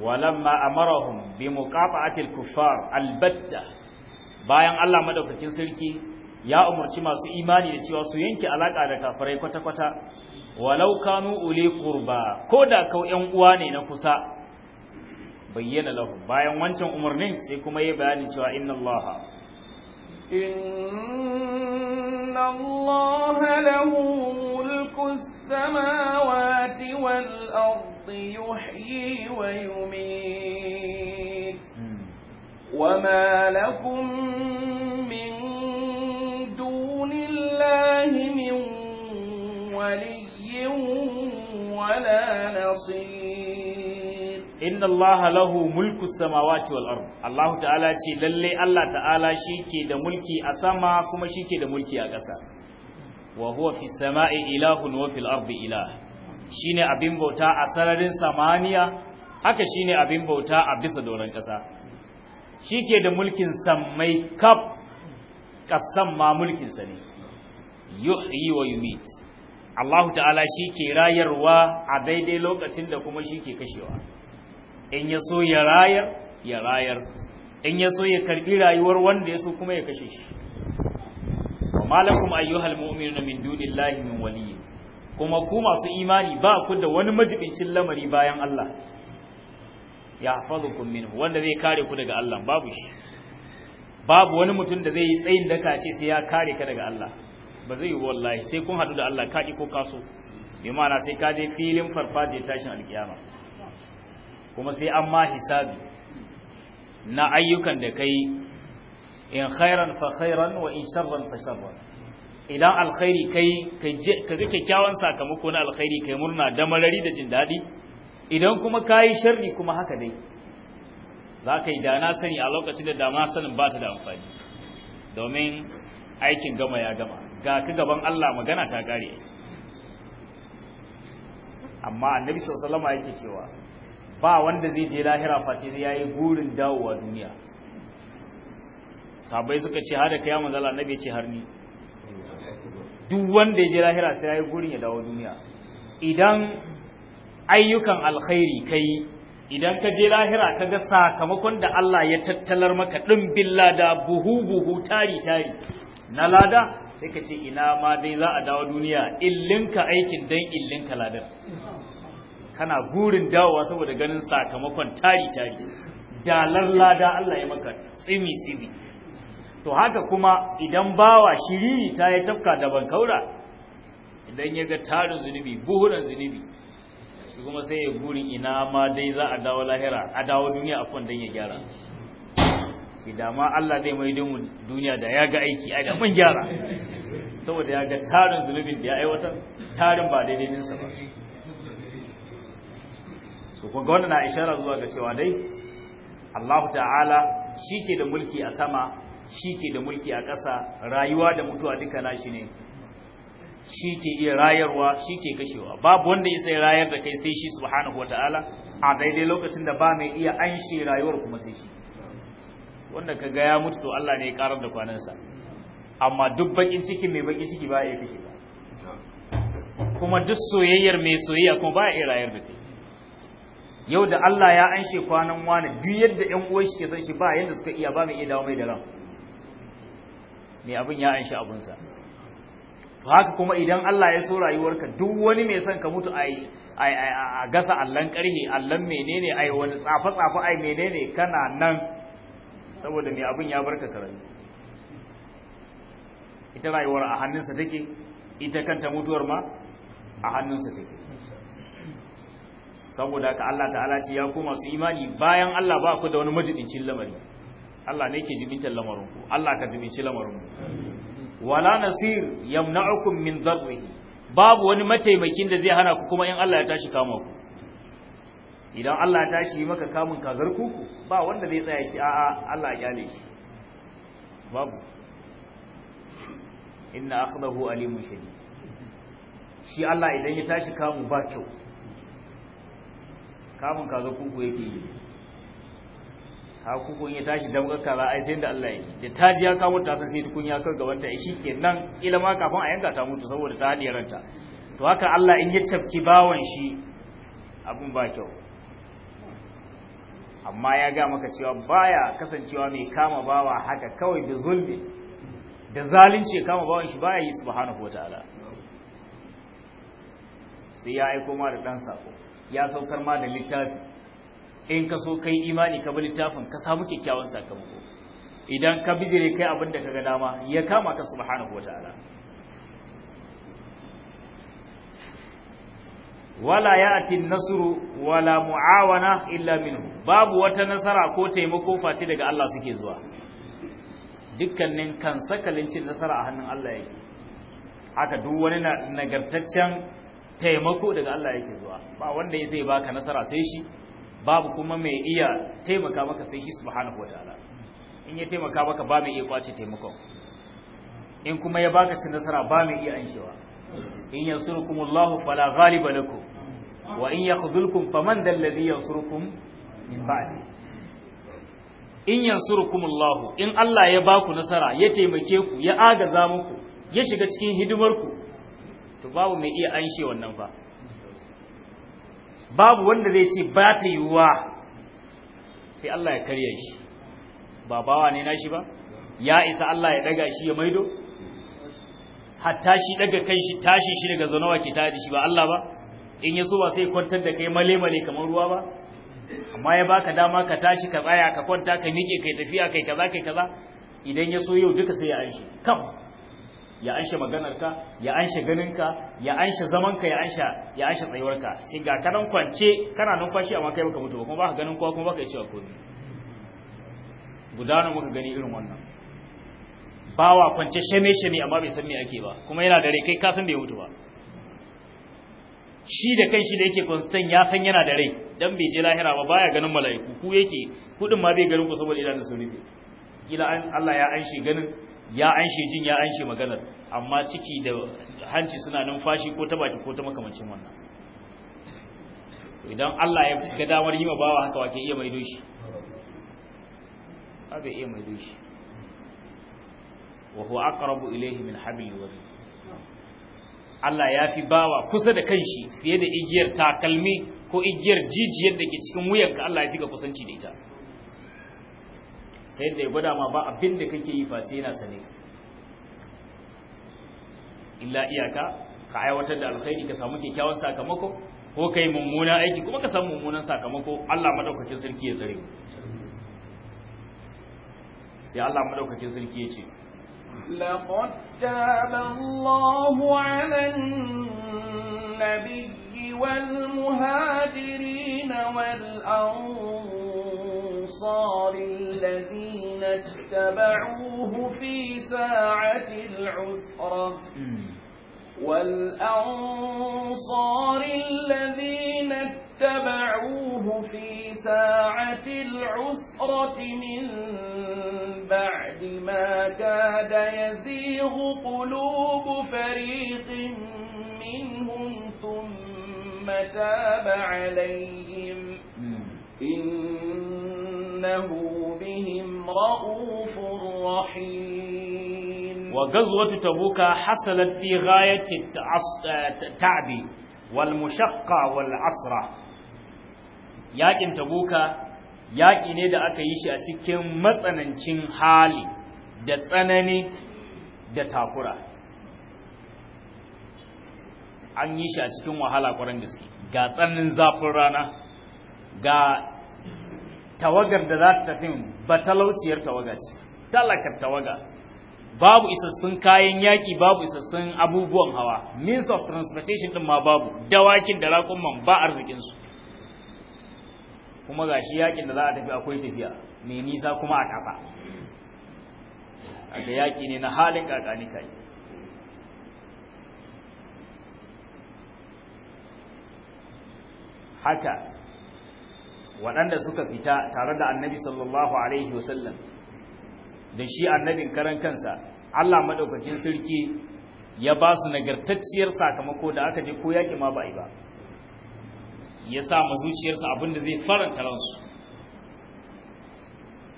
walamma amarahum bi muqafa'atil kuffar albatta bayan Allah madaukakin sarki ya umarci masu imani da cewa su yanke alaka da kafirai kwata-kwata walau kanu uli qurba da kau yan uwa ne na kusa bayyana lahu bayan wancan umarnin sai kuma yi bayani cewa inna allaha إن الله له ملك السماوات والأرض يحيي ويميت وما لكم من دون الله من ولي ولا نصير inna allaha lahu mulku samawati wal ard Allah ta'ala ce lalle Allah ta'ala shike da mulki a sama kuma shike da mulki a ƙasa wa huwa fi samai ilahun wa fil ardi ilah shine abin bauta a sararin samaniya haka shine abin bauta a bisa doron ƙasa shike da mulkin sammai kaf kasan ma mulkin sa ne yuhyi wa yumit Allah ta'ala shike rayarwa a daidai lokacin da kuma shike kashewa in ya so ya rayar ya rayar in ya so ya karbi rayuwar wanda ya so kuma ya kashe shi wa malakum ayyuhal mu'minuna min dunillahi min waliy kuma ku masu imani ba ku da wani majibincin lamari bayan Allah ya hafazukum min wanda zai kare ku daga Allah babu shi babu wani mutum da zai yi tsayin daka ce sai ya kare ka daga Allah ba zai yi wallahi sai kun hadu da Allah ka ko kaso bi ma'ana sai ka je filin farfaje tashin alkiyama kuma sai an ma hisabi na ayyukan da kai in khairan fa khairan wa in sharran fa sharran idan alkhairi kai ka ga kyakkyawan sakamako na alkhairi kai murna da marari da jin daɗi idan kuma kayi sharri kuma haka dai za ka yi dana sani a lokacin da dama sanin ba ta da amfani domin aikin gama ya gama ga ka gaban Allah magana ta kare amma annabi sallallahu alaihi wasallam yake cewa ba wanda zai je lahira face da yayi burin dawowa duniya sabai suka ce har da kai manzo Allah annabi ce har ni duk wanda ya je lahira sai yayi burin ya dawo duniya idan ayyukan alkhairi kai idan ka je lahira ka ga sakamakon da Allah ya tattalar maka bin lada buhu-buhu tari-tari na lada sai ka ce ina ma dai za a dawo duniya illinka aikin don illinka ladar kana gurin dawowa saboda ganin sakamakon tari tari dalar lada Allah ya maka tsimi tsimi to haka kuma idan bawa shiriri ta yi tafka da bankaura idan ya ga tarin zunubi buhuran zunubi shi kuma sai ya burin ina ma dai za a dawo lahira a dawo duniya a don ya gyara sai dama Allah zai mai mu duniya da ya ga aiki a da mun gyara saboda ya ga tarin zunubin da ya aiwatar tarin ba daidai ninsa ba su kun gwanda na ishara zuwa ga cewa dai Allah ta'ala shi ke da mulki a sama shi ke da mulki a ƙasa rayuwa da mutuwa duka nashi ne ke iya rayarwa shi ke kashewa babu wanda ya sai rayar da kai sai shi subhanahu ta'ala, a daidai lokacin da ba mai iya an shi rayuwar kuma sai shi wanda ka ga ya mutu to Allah ne ya karar da kwanansa amma duk bakin ciki mai bakin ciki ba ya kashe ba kuma duk soyayyar mai soyayya kuma ba ya rayar da kai yau da Allah ya anshe kwanan wani duk yadda ƴan uwan shi ke son shi ba yadda suka iya ba mai iya dawo mai da ran mai abin ya anshe abunsa to haka kuma idan Allah ya so rayuwarka duk wani mai son ka mutu ai a gasa allan karhe allan menene ai wani tsafa tsafa ai menene kana nan saboda mai abin ya barka ka ita rayuwar a hannunsa take ita kanta mutuwar ma a hannunsa take saboda ka Allah ta'ala ce ya ku masu imani bayan Allah ba ku da wani majidincin lamari Allah ne ke jibintar lamarin ku Allah ka jibinci lamarin ku wala nasir yamna'ukum min dharrihi babu wani mataimakin da zai hana ku kuma in Allah ya tashi kama ku idan Allah ya tashi maka kamun kazar ku ba wanda zai tsaya ci a'a Allah ya kyale shi babu inna akhdahu alimun shadid shi Allah idan ya tashi kamu ba kyau kamun ka zo kuku yake yi ha kukun ya tashi damgar kaza ai sai da Allah ya yi da ta ji ya kawo sai tukun ya kar gabanta shi kenan ila ma kafin a yanka ta mutu saboda ta hadiya ta to haka Allah in ya cafki bawan shi abun ba kyau amma ya ga maka cewa baya kasancewa mai kama bawa haka kawai da zulmi da zalunci kama bawan shi baya yi subhanahu wataala sai ya aiko ma da dan sako ya saukar ma da littafi in ka so kai imani ka bi littafin ka samu kyakkyawan sakamako idan ka bijire kai abin da ka ga dama ya kama ka subhanahu wataala wala ya'ti an-nasru wala mu'awana illa minhu babu wata nasara ko taimako face daga Allah suke zuwa dukkanin kan sakalin cin nasara a hannun Allah yake haka duk wani nagartaccen taimako daga Allah yake zuwa ba wanda zai baka nasara sai shi babu kuma mai iya taimaka maka sai shi subhanahu wataala in ya taimaka maka ba mai iya kwace taimakon in kuma ya baka ci nasara ba mai iya anshewa in Allah fala ghaliba lakum wa in yakhdhulkum faman dal ladhi yansurukum min ba'di in Allah in Allah ya baku nasara ya taimake ku ya agaza muku ya shiga cikin hidimarku to babu mai iya anshe wannan ba. babu wanda zai ce ba ta yiwuwa sai Allah ya karya shi ba bawa ne nashi ba ya isa Allah ya daga shi ya maido hatta shi daga kan shi tashi shi daga zanawa ke tada shi ba Allah ba in ya so ba sai kwantar da kai male male kamar ruwa ba amma ya baka dama ka tashi ka tsaya ka kwanta ka miƙe kai tafiya kai kaza kai kaza idan ya so yau duka sai ya anshi kam ya anshe maganarka ya anshe ganinka ya anshe zamanka ya anshe ya anshe tsayuwarka sai ga kanan kwance kana numfashi amma kai baka mutu ba kuma baka ganin kowa kuma baka yi cewa komai gudanar muka gani irin wannan bawa kwance shame shame amma bai san me ake ba kuma yana da rai kai ka san bai mutu ba shi da kan shi da yake kwansan ya san yana da rai dan bai je lahira ba baya ganin mala'iku ku yake kudin ma bai garin ku saboda idanun sun rufe kila Allah ya anshe ganin ya anshe jin ya anshe maganar amma ciki da hanci suna numfashi ko ta baki ko ta makamancin wannan idan Allah ya ga damar yi ma bawa haka wake iya mai doshi, abe iya mai doshi. wa huwa aqrabu ilayhi min habli wari Allah ya fi bawa kusa da kanshi fiye da igiyar takalmi ko igiyar jijiyar da ke cikin wuyanka Allah ya fi ga kusanci da ita ta yadda ya gwada ma ba abin da kake yi face yana sane illa iyaka ka aiwatar da alkhairi ka samu kyakkyawan sakamako ko kai mummuna aiki kuma ka samu mummunan sakamako Allah madaukakin sarki ya tsare sai Allah madaukakin sarki ya ce laqad taba Allahu 'alan nabiyyi wal muhajirin wal الأنصار الذين اتبعوه في ساعة العسرة والأنصار الذين اتبعوه في ساعة العسرة من بعد ما كاد يزيغ قلوب فريق منهم ثم تاب عليهم إن إنه بهم رؤوف رحيم وغزوة تبوك حصلت في غاية التعب والمشقة والعسرة yaƙin tabuka yaƙi ne da aka yi shi a cikin matsanancin hali da tsanani da takura an yi shi a cikin wahala ƙwarar gaske ga tsananin zafin rana ga tawagar da za ta tafi ba talauciyar tawaga ce talakar tawaga babu isassun kayan yaƙi babu isassun abubuwan hawa means of transportation din ma babu dawakin da raƙumman ba arzikinsu kuma ga shi yaƙin da za a tafi akwai tafiya mai nisa kuma a ƙasa ga yaƙi ne na halin ƙaƙani kai haka waɗanda suka fita tare da annabi sallallahu alaihi wasallam da shi annabin karan kansa Allah maɗaukakin sirki ya ba su nagartacciyar sakamako da aka je ko yaƙi ma ba ba ya sa ma zuciyarsa abinda zai faranta ransu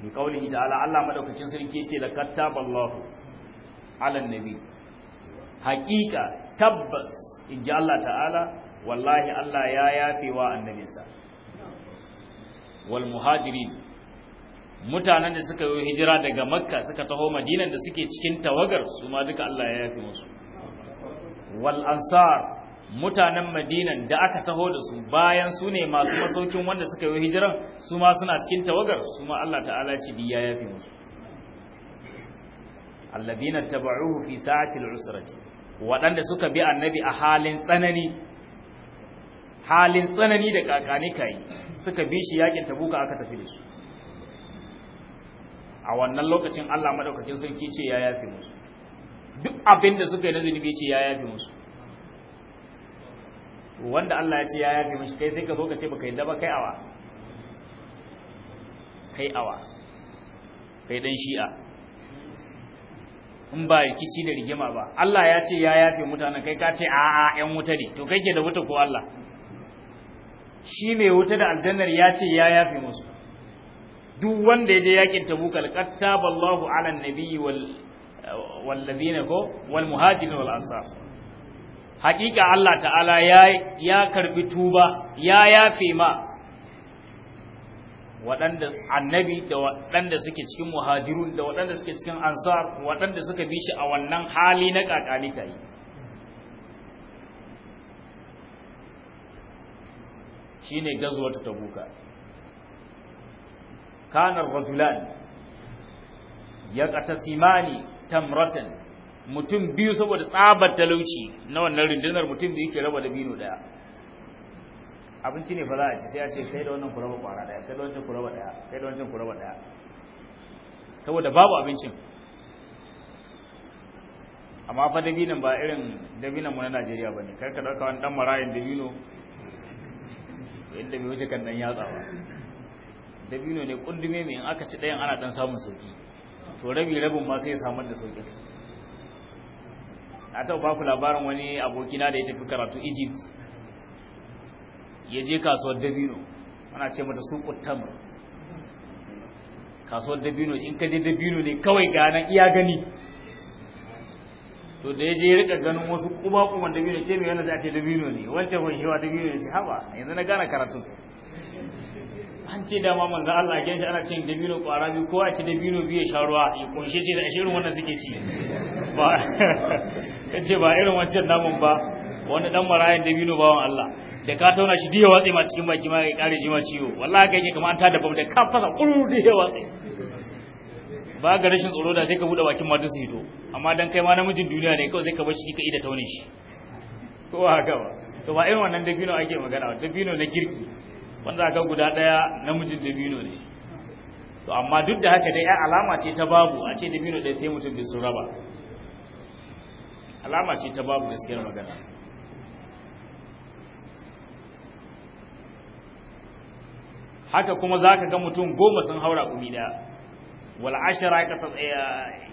bi kaulin ta'ala Allah madaukakin sarki ce da kattaballahu ala nabi Hakika, tabbas inji Allah ta'ala wallahi Allah ya yafe wa annabinsa wal mutanen da suka yi hijira daga makka suka taho madinan da suke cikin tawagar su ma duka Allah ya yafi musu wal ansar mutanen madinan da aka taho da su bayan su ne masu masaukin wanda suka yi hijiran su ma suna cikin tawagar su ma Allah ta'ala ce bi ya yafi musu alladina taba'uhu fi sa'atil usrati waɗanda suka bi annabi a halin tsanani halin tsanani da kakani kai suka bi shi yakin tabuka aka tafi da su a wannan lokacin Allah madaukakin sarki ce ya yafe musu duk abin da suka yi na zunubi ce ya yafe musu wanda Allah ya ce ya yafe musu kai sai ka zo ka ce baka yi daba kai awa kai awa kai dan shi'a in ba rikici da rigima ba Allah ya ce ya yafe mutanen kai ka ce a'a yan wuta ne to kai ke da wuta ko Allah shi mai wuta da aljannar ya ce ya yafe musu duk wanda ya je yakin tabuk alqatta ballahu ala nabiyyi wal ladina ko wal muhajirin wal ansar haqiqa Allah ta'ala ya ya karbi tuba ya yafe ma waɗanda annabi da waɗanda suke cikin muhajirun da waɗanda suke cikin ansar waɗanda suka bi shi a wannan hali na kakani kai shine ta tabuka kana rajulan Simani tamratan mutum biyu saboda tsabar talauci na wannan rundunar mutum da ke raba da bino daya abinci ne fa za a ci sai a ce kai da wannan ku raba kwara daya kai da wancan ku raba daya kai da wancan ku raba daya saboda babu abincin amma fa dabinin ba irin dabinan mu na Najeriya bane kar ka dauka wani dan marayin dabino yadda mai wuce kan dan yatsa ba dabino ne kundume mai in aka ci ɗayan ana ɗan samun sauki to rabi rabin ma sai ya samar da sauki a taɓa ba labarin wani abokina da ya tafi karatu egypt ya je kasuwar dabino ana ce mata su tamar kasuwar dabino in ka je dabino ne kawai ga nan iya gani to da ya je rika ganin wasu kuma kuma dabino ce mai yana da ce dabino ne wancan mai shewa biyu ne haba yanzu na gane karatu an ce dama manzo Allah ya shi ana cin dabino kwara biyu ko a ci dabino biyu ya sha ruwa ya kunshe ce da ashirin wannan suke ci ba ce ba irin wancan namun ba wani dan da dabino bawan Allah da ka tauna shi diya watsi ma cikin baki ma ya kare ji ma ciwo wallahi kai ke kamar an ta dabam da ka fasa kuru diya watsi ba ga rashin tsoro da sai ka bude bakin mata su hito amma dan kai ma namijin duniya ne kawai sai ka bar shi ka ida taune shi ko haka ba to ba irin wannan dabino ake magana dabino na girki wanda aka guda daya namijin dabino ne to amma duk da haka dai ai alama ce ta babu a ce dabino dai sai mutum bisu raba alama ce ta babu gaskiyar magana haka kuma zaka ga mutum goma sun haura kumi daya wal ashara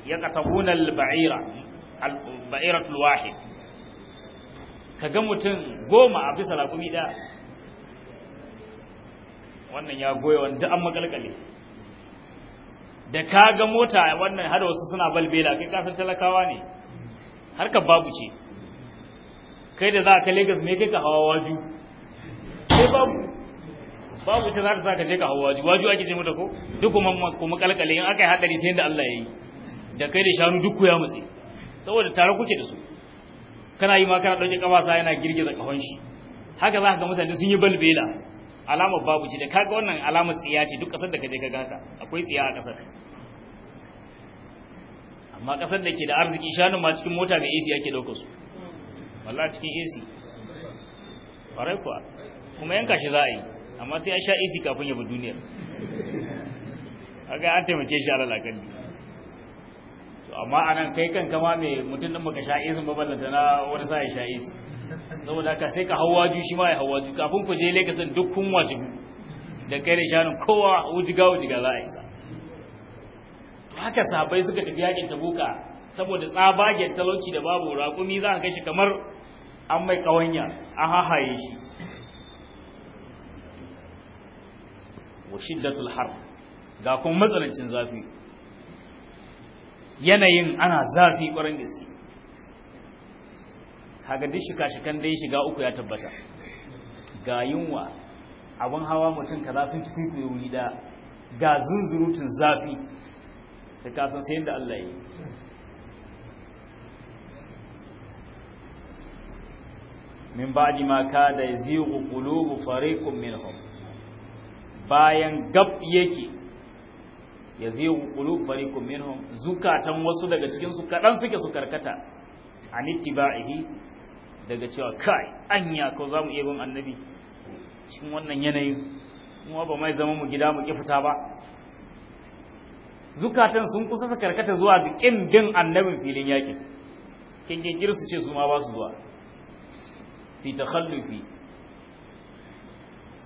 yaqtabuna al ba'ira al ba'iratu al wahid kaga mutum goma a bisa raƙumi ɗaya wannan ya goya wanda an makalkale da ka ga mota wannan hada wasu suna balbela kai kasar talakawa ne harkar babu ce kai da za ka Legas me kai ka hawa waju kai babu babu ita za ta saka ce ka hawa waju waju ake ce mata ko duk kuma kuma kalkale in aka yi hadari sai da Allah ya yi da kai da shanu duk ku ya mutse saboda tare kuke da su kana yi ma kana dauke sa yana girgiza kafan shi haka za ka ga mutane sun yi balbela alamar babu ce da kaga wannan alamar tsiya ce duk kasar da kaje ka gaka akwai tsiya a kasar amma kasar da ke da arziki shanun ma cikin mota da AC yake dauka su wallahi cikin AC farai kuwa kuma yanka shi za a yi amma sai ya sha isi kafin ya bi duniyar kaga an taimake shi ala lakalli to amma anan kai kan kama mai mutum din baka sha isin baballanta na wani ya sha isi saboda haka sai ka hawaju shi ma ya hawaju kafin ku je Lagos din duk kun wajibu da kai da shanun kowa wujiga wujiga za a isa To haka sabai suka tafi yakin tabuka saboda tsabagen talauci da babu raƙumi za a kashi kamar an mai ƙawanya an hahaye shi wa shiddatul har ga kuma matsalancin zafi yanayin ana zafi ƙwarin gaske kaga duk shika-shikan dai shiga uku ya tabbata ga yunwa abin hawa mutum kaza sun ci kwaikwayo wuri da ga zunzurutun zafi da kasan sayan da Allah yi min ba'di ma kada yazigu qulubu fariqin minhum bayan gab yake ya zai qulub fariqum minhum zukatan wasu daga cikin su kadan suke su karkata a ittiba'ihi daga cewa kai anya ko zamu iya bin annabi cikin wannan yanayin kuma ba mai zama mu gida mu ki fita ba zukatan sun kusa su karkata zuwa ga kin bin annabin filin yakin kin kin girsu ce su ma ba su zuwa si khallufi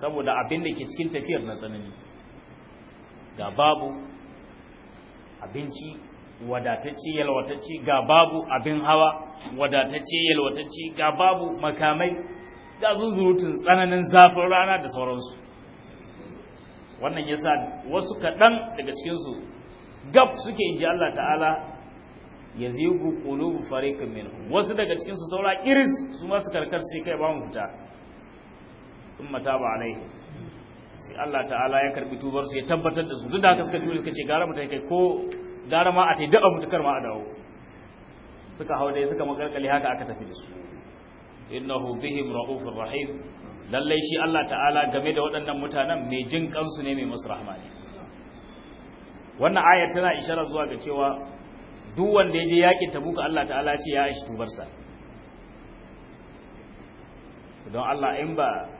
saboda abin da ke cikin tafiyar na tsanani ga babu abinci wadatacce yalwatacce ga babu abin hawa wadatacce yalwatacce ga babu makamai ga zuzurutun tsananin zafin rana da sauransu wannan yasa wasu kaɗan daga cikinsu gab suke ji Allah ta'ala ya zigu ƙulubu farikin wasu daga cikinsu saura iris su masu karkar sai kai ba mu fita sun mata ba alai sai Allah ta'ala ya karbi tubar su ya tabbatar da su duk da haka suka suka ce gara mutai kai ko gara ma a tai da'a mutukar ma a dawo suka hau dai suka makarkali haka aka tafi da su innahu bihim raufur rahim lallai shi Allah ta'ala game da waɗannan mutanen mai jin kansu ne mai musu rahmani wannan ayar tana isharar zuwa ga cewa duk wanda ya je yaki tabuka Allah ta'ala ce ya aishi tubarsa don Allah in ba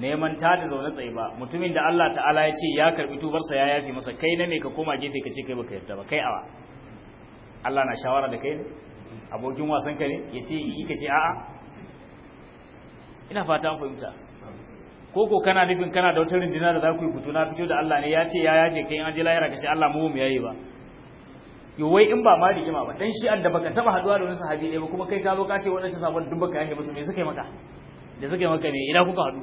neman ta da zaune tsaye ba mutumin da Allah ta'ala ya ce ya karbi tubarsa ya yafi masa kai ne ka koma gefe ka ce kai baka yarda ba kai awa Allah na shawara da kai ne abokin wasan ka ne ya ce yi ka ce a'a ina fata an fahimta ko ko kana nufin kana da wata rindina da za ku yi fito na fito da Allah ne ya ce ya yaje kai an ji lahira ka ce Allah mu mu yayi ba wai in ba ma rigima ba dan shi da baka taba haduwa da wani sahabi ne ba kuma kai ka zo ka ce shi sabon dubba ka yake musu me suka yi maka da suka yi maka ne, ina kuka haɗu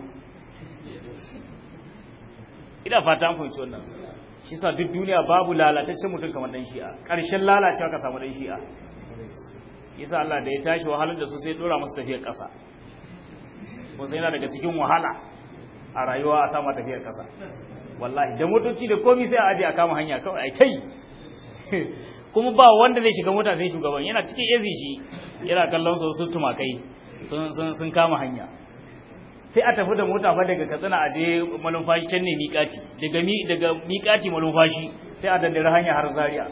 ina fata an fahimci wannan shi sa duk duniya babu lalataccen mutum kamar dan shi'a Karshen lalacewa ka samu dan shi'a yasa Allah da ya tashi wahalar da su sai dora musu tafiyar ƙasa ko sai yana daga cikin wahala a rayuwa a sama tafiyar kasa wallahi da motoci da komai sai a aje a kama hanya kawai ai tai kuma ba wanda zai shiga mota sai shugaban yana cikin ezi shi yana kallon su su tumakai sun sun kama hanya sai a tafi da mota fa daga katsina a je malumfashi can ne miƙati daga daga miƙati malumfashi sai a dandare hanya har Zariya.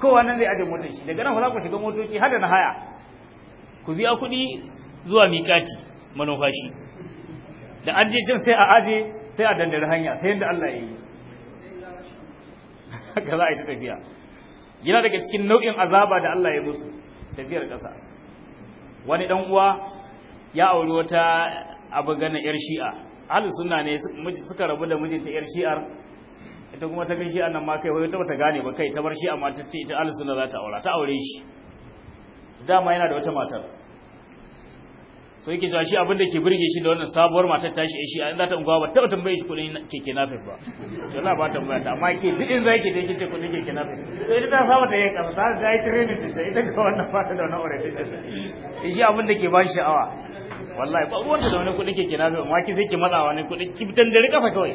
kowa nan zai ajiye motar shi daga nan fa ku shiga motoci har da na haya ku biya kuɗi zuwa miƙati malumfashi da an je can sai a aje sai a dandare hanya sai yadda Allah ya yi haka za a yi ta tafiya yana daga cikin nau'in azaba da Allah ya musu tafiyar ƙasa wani ɗan uwa ya auri wata abu gana yar shi'a hali sunna ne suka rabu da mijinta yar shi'ar ita kuma ta gashi annan nan ma kai wai ta bata gane ba kai ta bar shi'a ma ta ce ita hali sunna za ta aura ta aure shi dama yana da wata matar so yake cewa shi abin da ke burge shi da wannan sabuwar matar ta shi eh, shi an zata ungwa ba taba tambaye shi kudin keke nafin ba to na ba tambaya ta amma ke duk in zaki da dai kice kudin keke nafin to idan ta saba da yake ta ga yi training ce ita ga wannan fata da wannan orientation eh, shi abin da ke ba shi sha'awa wallahi ba ruwanta da wannan kudin keke nafin amma ki sai ki matsa wani kudin ki fitan da rika kawai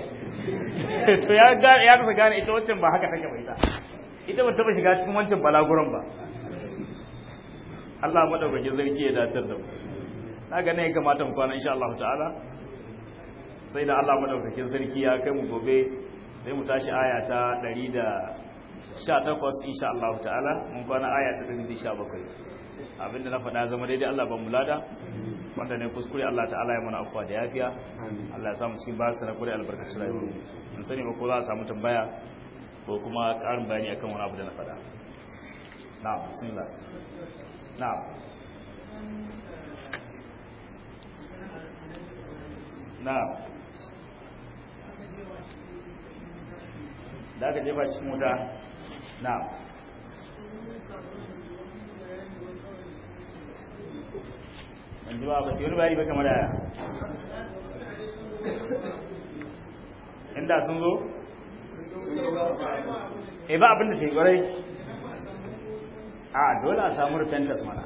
to ya ga ya rasa gane ita wancan ba haka take bai ta ita ba taba shiga cikin wancan balaguran ba Allah madaukake zargi ya datar da mu na ga ya kamata mu kwana insha Allah ta'ala sai da Allah madaukakin sarki ya kai mu gobe sai mu tashi aya ta 118 insha Allah ta'ala mun kwana aya ta 117 abinda na faɗa zama daidai Allah ban mulada wanda ne kuskure Allah ta'ala ya mana afwa da yafiya Allah ya samu cikin ba su na kure albarkacin rayuwa mun sani ba ko za a samu tambaya ko kuma ƙarin bayani akan wani abu da na faɗa na'am bismillah na'am na da aka jefa cikin wuta na ban ji ba ba su wani bayani ba kamar yaya inda sun zo e ba abinda ce gwarai a dole a samu repentance mana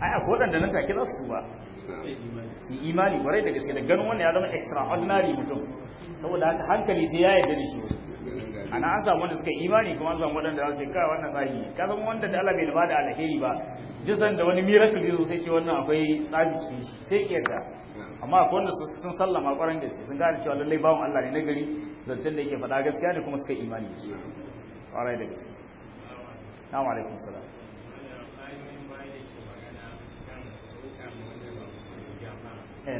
ai akwai waɗanda nan take za su tuba su imani kwarai da gaske da ganin wannan ya zama extraordinary mutum saboda haka hankali sai ya yarda da shi ana an samu wanda suka imani kuma an samu wadanda za su ka wannan tsari ne ka san wanda da Allah bai bada alheri ba jisan da wani miracle yazo sai ce wannan akwai tsabi cikin shi sai ke da amma akwai wanda sun sallama kwarai gaske sun gane cewa lallai bawon Allah ne nagari zancen da yake faɗa gaskiya ne kuma suka imani da shi kwarai da gaske na'am alaikum salam Eh,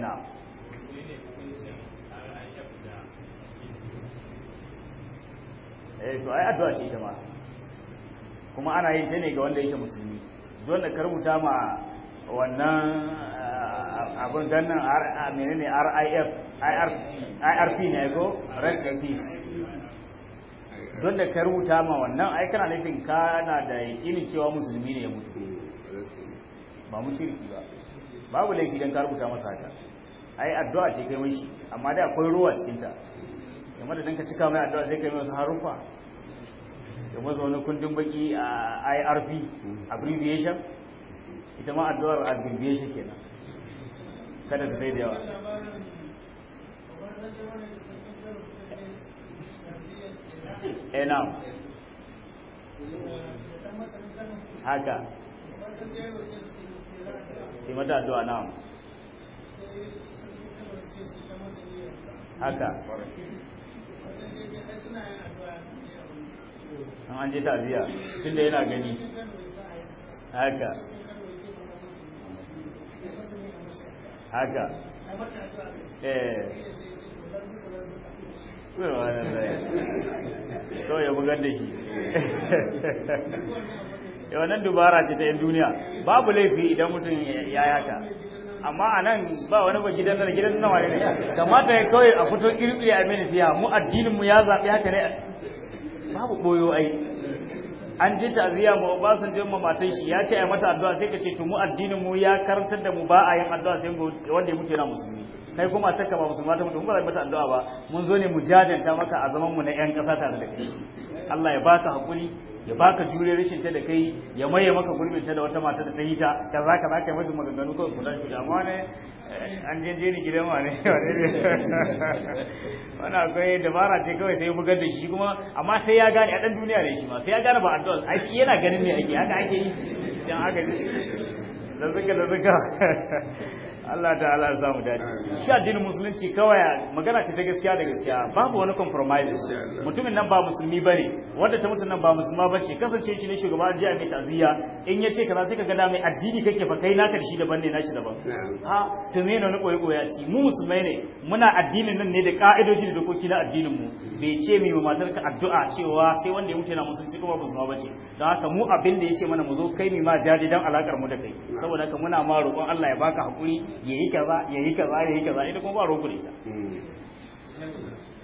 eh to ai addu'a ita ma kuma ana yin ta ne ga wanda yake musulmi dole ka rubuta ma wannan eh, abin dannan ah, menene RIF IRP ne ko Red Peace don da ka rubuta ma wannan ai kana nufin kana da yakinin cewa musulmi ne ya mutu ba mushriki ba babu laifi don ka rubuta masa haka ai addu'a ce kai mishi amma dai akwai ruwa cikinta. ta kamar da ka cika mai addu'a sai kai masa harufa kamar zo wani kundin baki a IRP abbreviation ita ma addu'ar abbreviation kenan kada ta zai da yawa enam eh, haka sai mata addu'a na'am haka an an je taziya tun da yana gani haka haka eh to ya bugar da shi da wannan dubara ce ta yan duniya babu laifi idan mutum ya yaka amma a nan ba wani ba gidan nan gidan wani ne kamata ya kawai a fito irin a mini siya mu addinin mu ya zaɓi haka ne babu a ai an ji ta'ziya ma Obasanjo ma matan shi ya ce a mata addu'a sai ka ce to mu addinin mu ya karantar da mu ba a yin addu'a sai mu wanda ya mutu yana musulmi kai kuma ta kama musulma ta mutu mun ba za mata addu'a ba mun zo ne mu jajanta maka a zaman mu na yan ƙasa tare da kai Allah ya baka hakuri ya baka jure rashin ta da kai ya maye maka gurbin ta da wata mata da ta yi ta zaka kaza kai masa maganganu kawai ku dace da ne eh, an je ni gidan ne wani akwai dabara ce kawai sai bugar da shi kuma amma sai ya gane a dan duniya ne shi ma sai ya gane ba addu'a ai yana ganin ne ake haka ake yi dan haka da zaka da zaka Allah ta'ala Zamu mu dace shi addinin musulunci kawai magana ce ta gaskiya da gaskiya babu wani compromise. mutumin nan ba musulmi bane wanda ta mutum nan ba musulma bace kasance shi ne shugaban jiya mai ta'ziya in yace kaza sai ka ga mai addini kake fa kai naka da shi daban ne nashi daban ha to me ne wani koyo koya ci mu musulmai ne muna addinin nan ne da ka'idoji da dokoki na addinin mu bai ce mai matar ka addu'a cewa sai wanda ya mutu yana musulunci kuma musulma bace don haka mu abin da yace mana mu zo kai mai ma jadi dan alakar mu da kai saboda haka muna ma roƙon Allah ya baka hakuri yayi kaza yayi kaza yayi kaza ita kuma ba roƙo da ita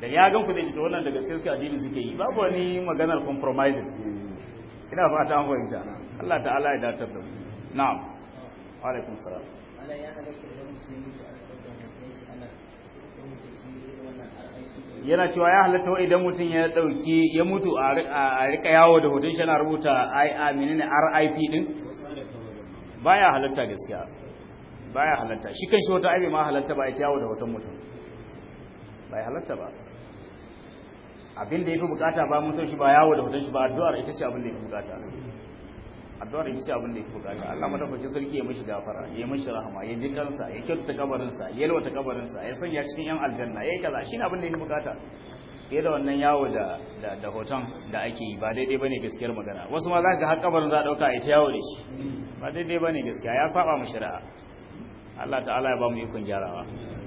da ya gan ku zai ta wannan da gaske suka addini suke yi babu wani maganar compromising ina fata an fahimta Allah ta'ala ya datar da mu na'am wa alaikum salam Allah ya halatta da yana cewa ya halatta wa idan mutum ya dauki ya mutu a rika yawo da hoton shi yana rubuta ai a menene RIP din baya halatta gaskiya baya halatta shi kan shi wata aibe ma halatta ba ya tiyawo da hoton mutum ba ya halatta ba abin da ya fi bukata ba mutum shi ba yawo da hoton shi ba addu'ar ita ce abin da ya fi bukata addu'ar ita ce abin da ya fi bukata Allah madafacin sarki ya mishi gafara ya mishi rahama ya ji kansa ya kyautata kabarinsa ya yalwata kabarinsa ya sanya cikin yan aljanna ya yi kaza shi ne abin da ya fi bukata fiye da wannan yawo da da hoton da ake yi ba daidai bane gaskiyar magana wasu ma za ka har kabarin za a dauka a ita yawo da shi ba daidai bane gaskiya ya saba mu shari'a Allah ta'ala ya ba mu ikon gyarawa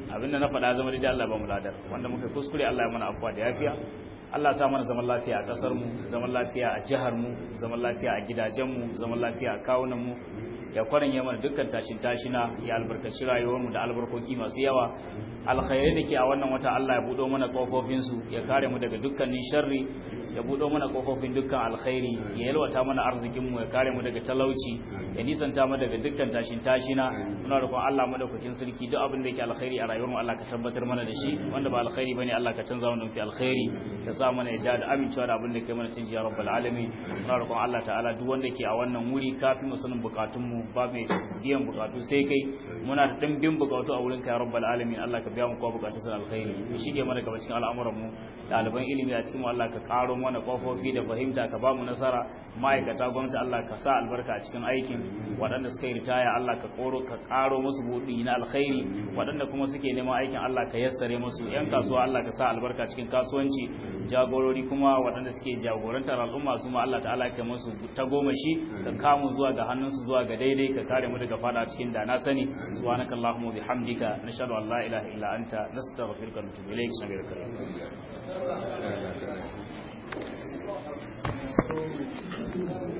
abinda na faɗa zama daidai Allah ba mu ladar wanda muka kuskure Allah ya mana afuwa da yafiya Allah sa mana zaman lafiya a ƙasar mu zaman lafiya a jihar mu zaman lafiya a gidajen mu zaman lafiya a kawunan mu ya kwaranye mana dukkan tashin tashina ya albarkaci rayuwarmu da albarkoki masu yawa alkhairai da ke a wannan wata Allah ya buɗo mana kofofinsu ya kare mu daga dukkanin sharri ya buɗo mana kofofin dukkan alkhairi ya yalwata mana arzikinmu ya kare mu daga talauci ya nisanta mu daga dukkan tashin tashina muna roƙon Allah madaukakin sarki duk abin da yake alkhairi a rayuwarmu Allah ka tabbatar mana da shi wanda ba alkhairi bane Allah ka canza mana fi alkhairi ka sa mana yadda da amincewa da abin da kai mana cin ya rabbal alamin muna roƙon Allah ta'ala duk wanda ke a wannan wuri kafin mu bukatunmu mu ba mai biyan bukatu sai kai muna da biyan bukatu a wurin ka ya rabbal alamin Allah ka biya mu kwa bukatu sun alkhairi shige mana gaba cikin al'amuran mu ɗaliban ilimi a cikin mu Allah ka karo mana kofofi da fahimta ka ba mu nasara ma'aikata gwamnati Allah ka sa albarka a cikin aikin waɗanda suka yi ritaya Allah ka koro ka karo musu buɗi na alkhairi waɗanda kuma suke neman aikin Allah ka yassare musu yan kasuwa Allah ka sa albarka a cikin kasuwanci jagorori kuma waɗanda suke jagorantar al'umma su ma Allah ta'ala ka musu shi ka kamu zuwa ga hannunsu zuwa ga dai daidai ka kare mu daga fada cikin da na sani subhanaka allahumma bihamdika nashhadu an la ilaha illa anta nastaghfiruka wa natubu ilayk sabir karim